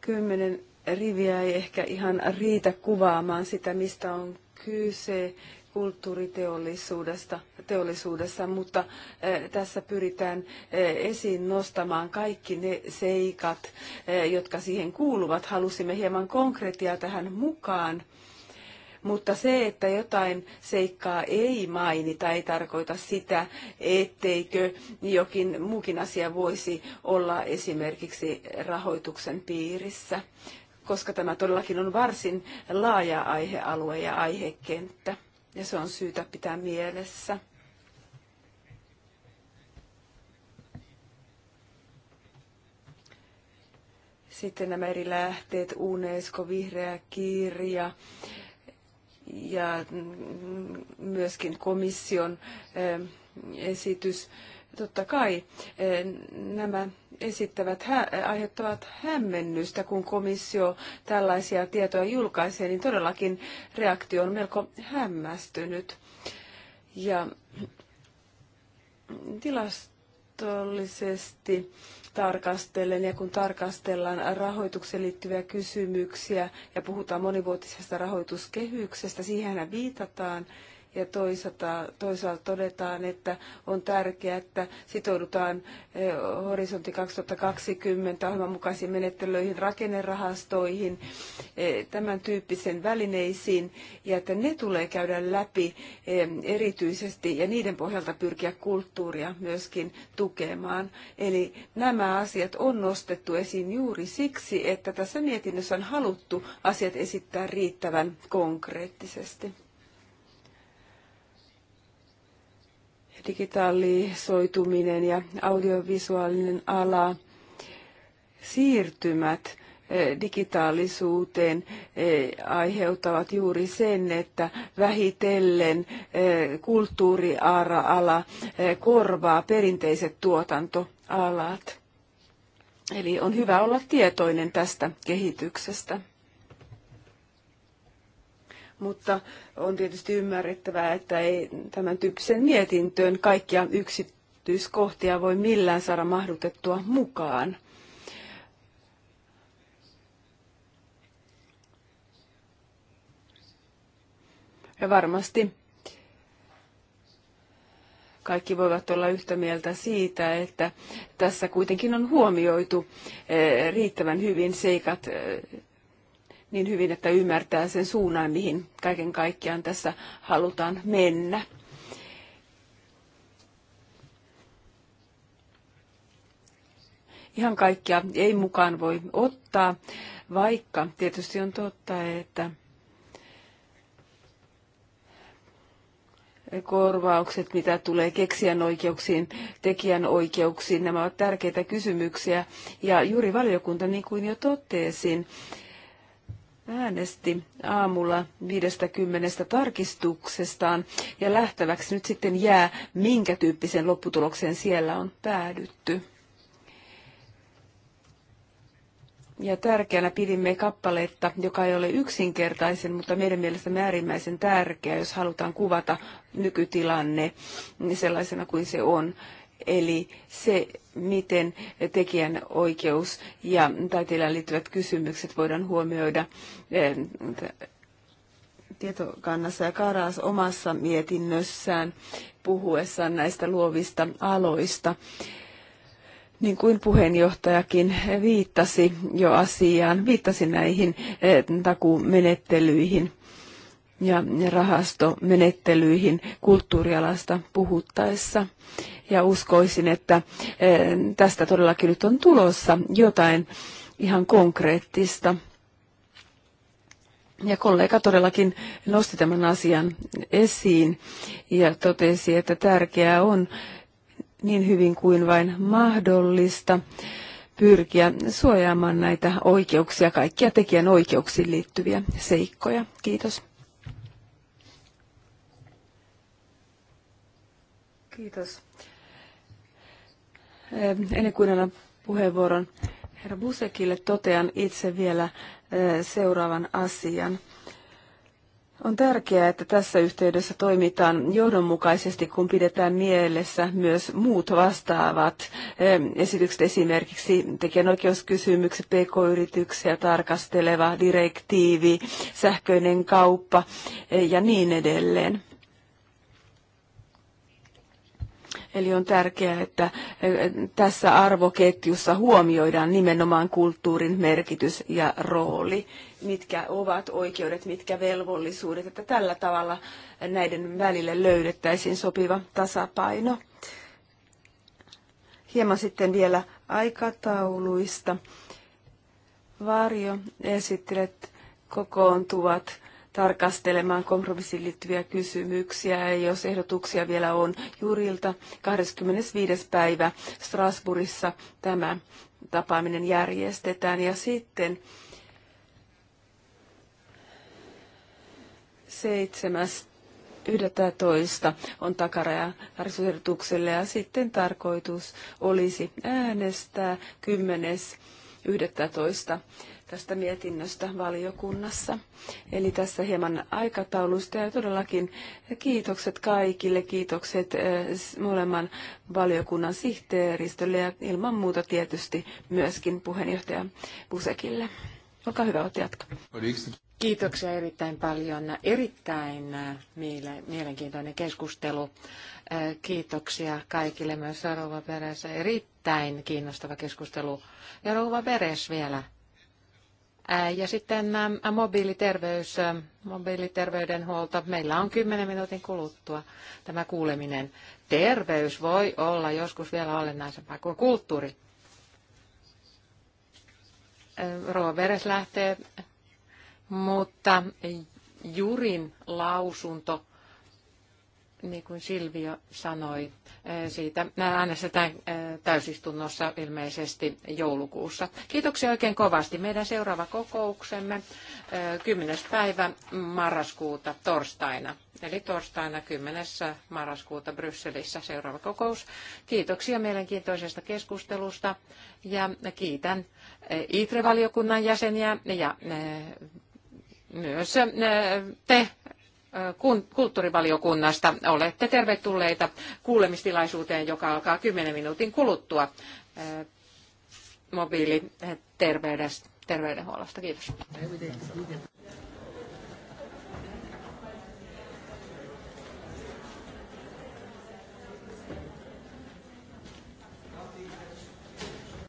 kymmenen riviä ei ehkä ihan riitä kuvaamaan sitä, mistä on kyse kulttuuriteollisuudesta, teollisuudessa, mutta eh, tässä pyritään eh, esiin nostamaan kaikki ne seikat, eh, jotka siihen kuuluvat. Halusimme hieman konkretiaa tähän mukaan. Mutta se, että jotain seikkaa ei mainita, ei tarkoita sitä, etteikö jokin muukin asia voisi olla esimerkiksi rahoituksen piirissä, koska tämä todellakin on varsin laaja aihealue ja aihekenttä ja se on syytä pitää mielessä. Sitten nämä eri lähteet, UNESCO, vihreä kirja ja mm, myöskin komission esitys Totta kai eh, nämä esittävät eh, aiheuttavat hämmennystä, kun komissio tällaisia tietoja julkaisee, niin todellakin reaktio on melko hämmästynyt. Ja tilastollisesti tarkastellen ja kun tarkastellaan rahoitukseen liittyviä kysymyksiä ja puhutaan monivuotisesta rahoituskehyksestä, siihen viitataan, ja toisaalta, toisaalta todetaan, että on tärkeää, että sitoudutaan eh, horisontti 2020 ohjelman mukaisiin menettelyihin, rakennerahastoihin, eh, tämän tyyppisen välineisiin ja että ne tulee käydä läpi eh, erityisesti ja niiden pohjalta pyrkiä kulttuuria myöskin tukemaan. Eli nämä asiat on nostettu esiin juuri siksi, että tässä mietinnössä on haluttu asiat esittää riittävän konkreettisesti. digitaalisoituminen ja audiovisuaalinen ala, siirtymät eh, digitaalisuuteen eh, aiheuttavat juuri sen, että vähitellen eh, kulttuuriala korvaa perinteiset tuotantoalat. Eli on hyvä olla tietoinen tästä kehityksestä mutta on tietysti ymmärrettävää, että ei tämän tyyppisen mietintöön kaikkia yksityiskohtia voi millään saada mahdutettua mukaan. Ja varmasti kaikki voivat olla yhtä mieltä siitä, että tässä kuitenkin on huomioitu eh, riittävän hyvin seikat eh, niin hyvin, että ymmärtää sen suunnan, mihin kaiken kaikkiaan tässä halutaan mennä. Ihan kaikkia ei mukaan voi ottaa, vaikka tietysti on totta, että korvaukset, mitä tulee oikeuksiin tekijän oikeuksiin, nämä ovat tärkeitä kysymyksiä. Ja juuri valiokunta, niin kuin jo totesin, äänesti aamulla 50 tarkistuksestaan ja lähtäväksi nyt sitten jää, minkä tyyppisen lopputulokseen siellä on päädytty. Ja tärkeänä pidimme kappaletta, joka ei ole yksinkertaisen, mutta meidän mielestämme äärimmäisen tärkeä, jos halutaan kuvata nykytilanne niin sellaisena kuin se on eli se, miten tekijän oikeus ja taiteilijan liittyvät kysymykset voidaan huomioida eh, tietokannassa ja Karas omassa mietinnössään puhuessaan näistä luovista aloista. Niin kuin puheenjohtajakin viittasi jo asiaan, viittasi näihin eh, takumenettelyihin ja rahastomenettelyihin kulttuurialasta puhuttaessa. Ja uskoisin, että eh, tästä todellakin nyt on tulossa jotain ihan konkreettista. Ja kollega todellakin nosti tämän asian esiin ja totesi, että tärkeää on niin hyvin kuin vain mahdollista pyrkiä suojaamaan näitä oikeuksia, kaikkia tekijän oikeuksiin liittyviä seikkoja. Kiitos. Kiitos. Ennen kuin annan puheenvuoron herra Busekille, totean itse vielä seuraavan asian. On tärkeää, että tässä yhteydessä toimitaan johdonmukaisesti, kun pidetään mielessä myös muut vastaavat esitykset, esimerkiksi tekijänoikeuskysymykset, pk-yrityksiä tarkasteleva direktiivi, sähköinen kauppa ja niin edelleen. Eli on tärkeää, että tässä arvoketjussa huomioidaan nimenomaan kulttuurin merkitys ja rooli, mitkä ovat oikeudet, mitkä velvollisuudet, että tällä tavalla näiden välille löydettäisiin sopiva tasapaino. Hieman sitten vielä aikatauluista. Varjo esittelet kokoontuvat tarkastelemaan kompromissiin liittyviä kysymyksiä, ja jos ehdotuksia vielä on jurilta. 25. päivä Strasbourgissa tämä tapaaminen järjestetään, ja sitten 7.11. on takaraja tarkastusehdotukselle ja sitten tarkoitus olisi äänestää 10. 11 tästä mietinnöstä valiokunnassa. Eli tässä hieman aikataulusta ja todellakin kiitokset kaikille, kiitokset eh, molemman valiokunnan sihteeristölle ja ilman muuta tietysti myöskin puheenjohtaja Pusekille. Olkaa hyvä, olet jatko. Kiitoksia erittäin paljon. Erittäin eh, mielenkiintoinen keskustelu. Eh, kiitoksia kaikille myös Rouva Peres. Erittäin kiinnostava keskustelu. Ja Rouva Peres vielä ja sitten mobiiliterveys, mobiiliterveydenhuolto. Meillä on 10 minuutin kuluttua tämä kuuleminen. Terveys voi olla joskus vielä olennaisempaa kuin kulttuuri. Rooveres lähtee, mutta Jurin lausunto niin kuin Silvio sanoi, eh, siitä eh, äänestetään eh, täysistunnossa ilmeisesti joulukuussa. Kiitoksia oikein kovasti. Meidän seuraava kokouksemme 10. päivä marraskuuta torstaina. Eli torstaina 10. marraskuuta Brysselissä seuraava kokous. Kiitoksia mielenkiintoisesta keskustelusta ja kiitän ITRE-valiokunnan jäseniä ja myös te kulttuurivaliokunnasta. Olette tervetulleita kuulemistilaisuuteen, joka alkaa 10 minuutin kuluttua mobiiliterveydenhuollosta. Kiitos.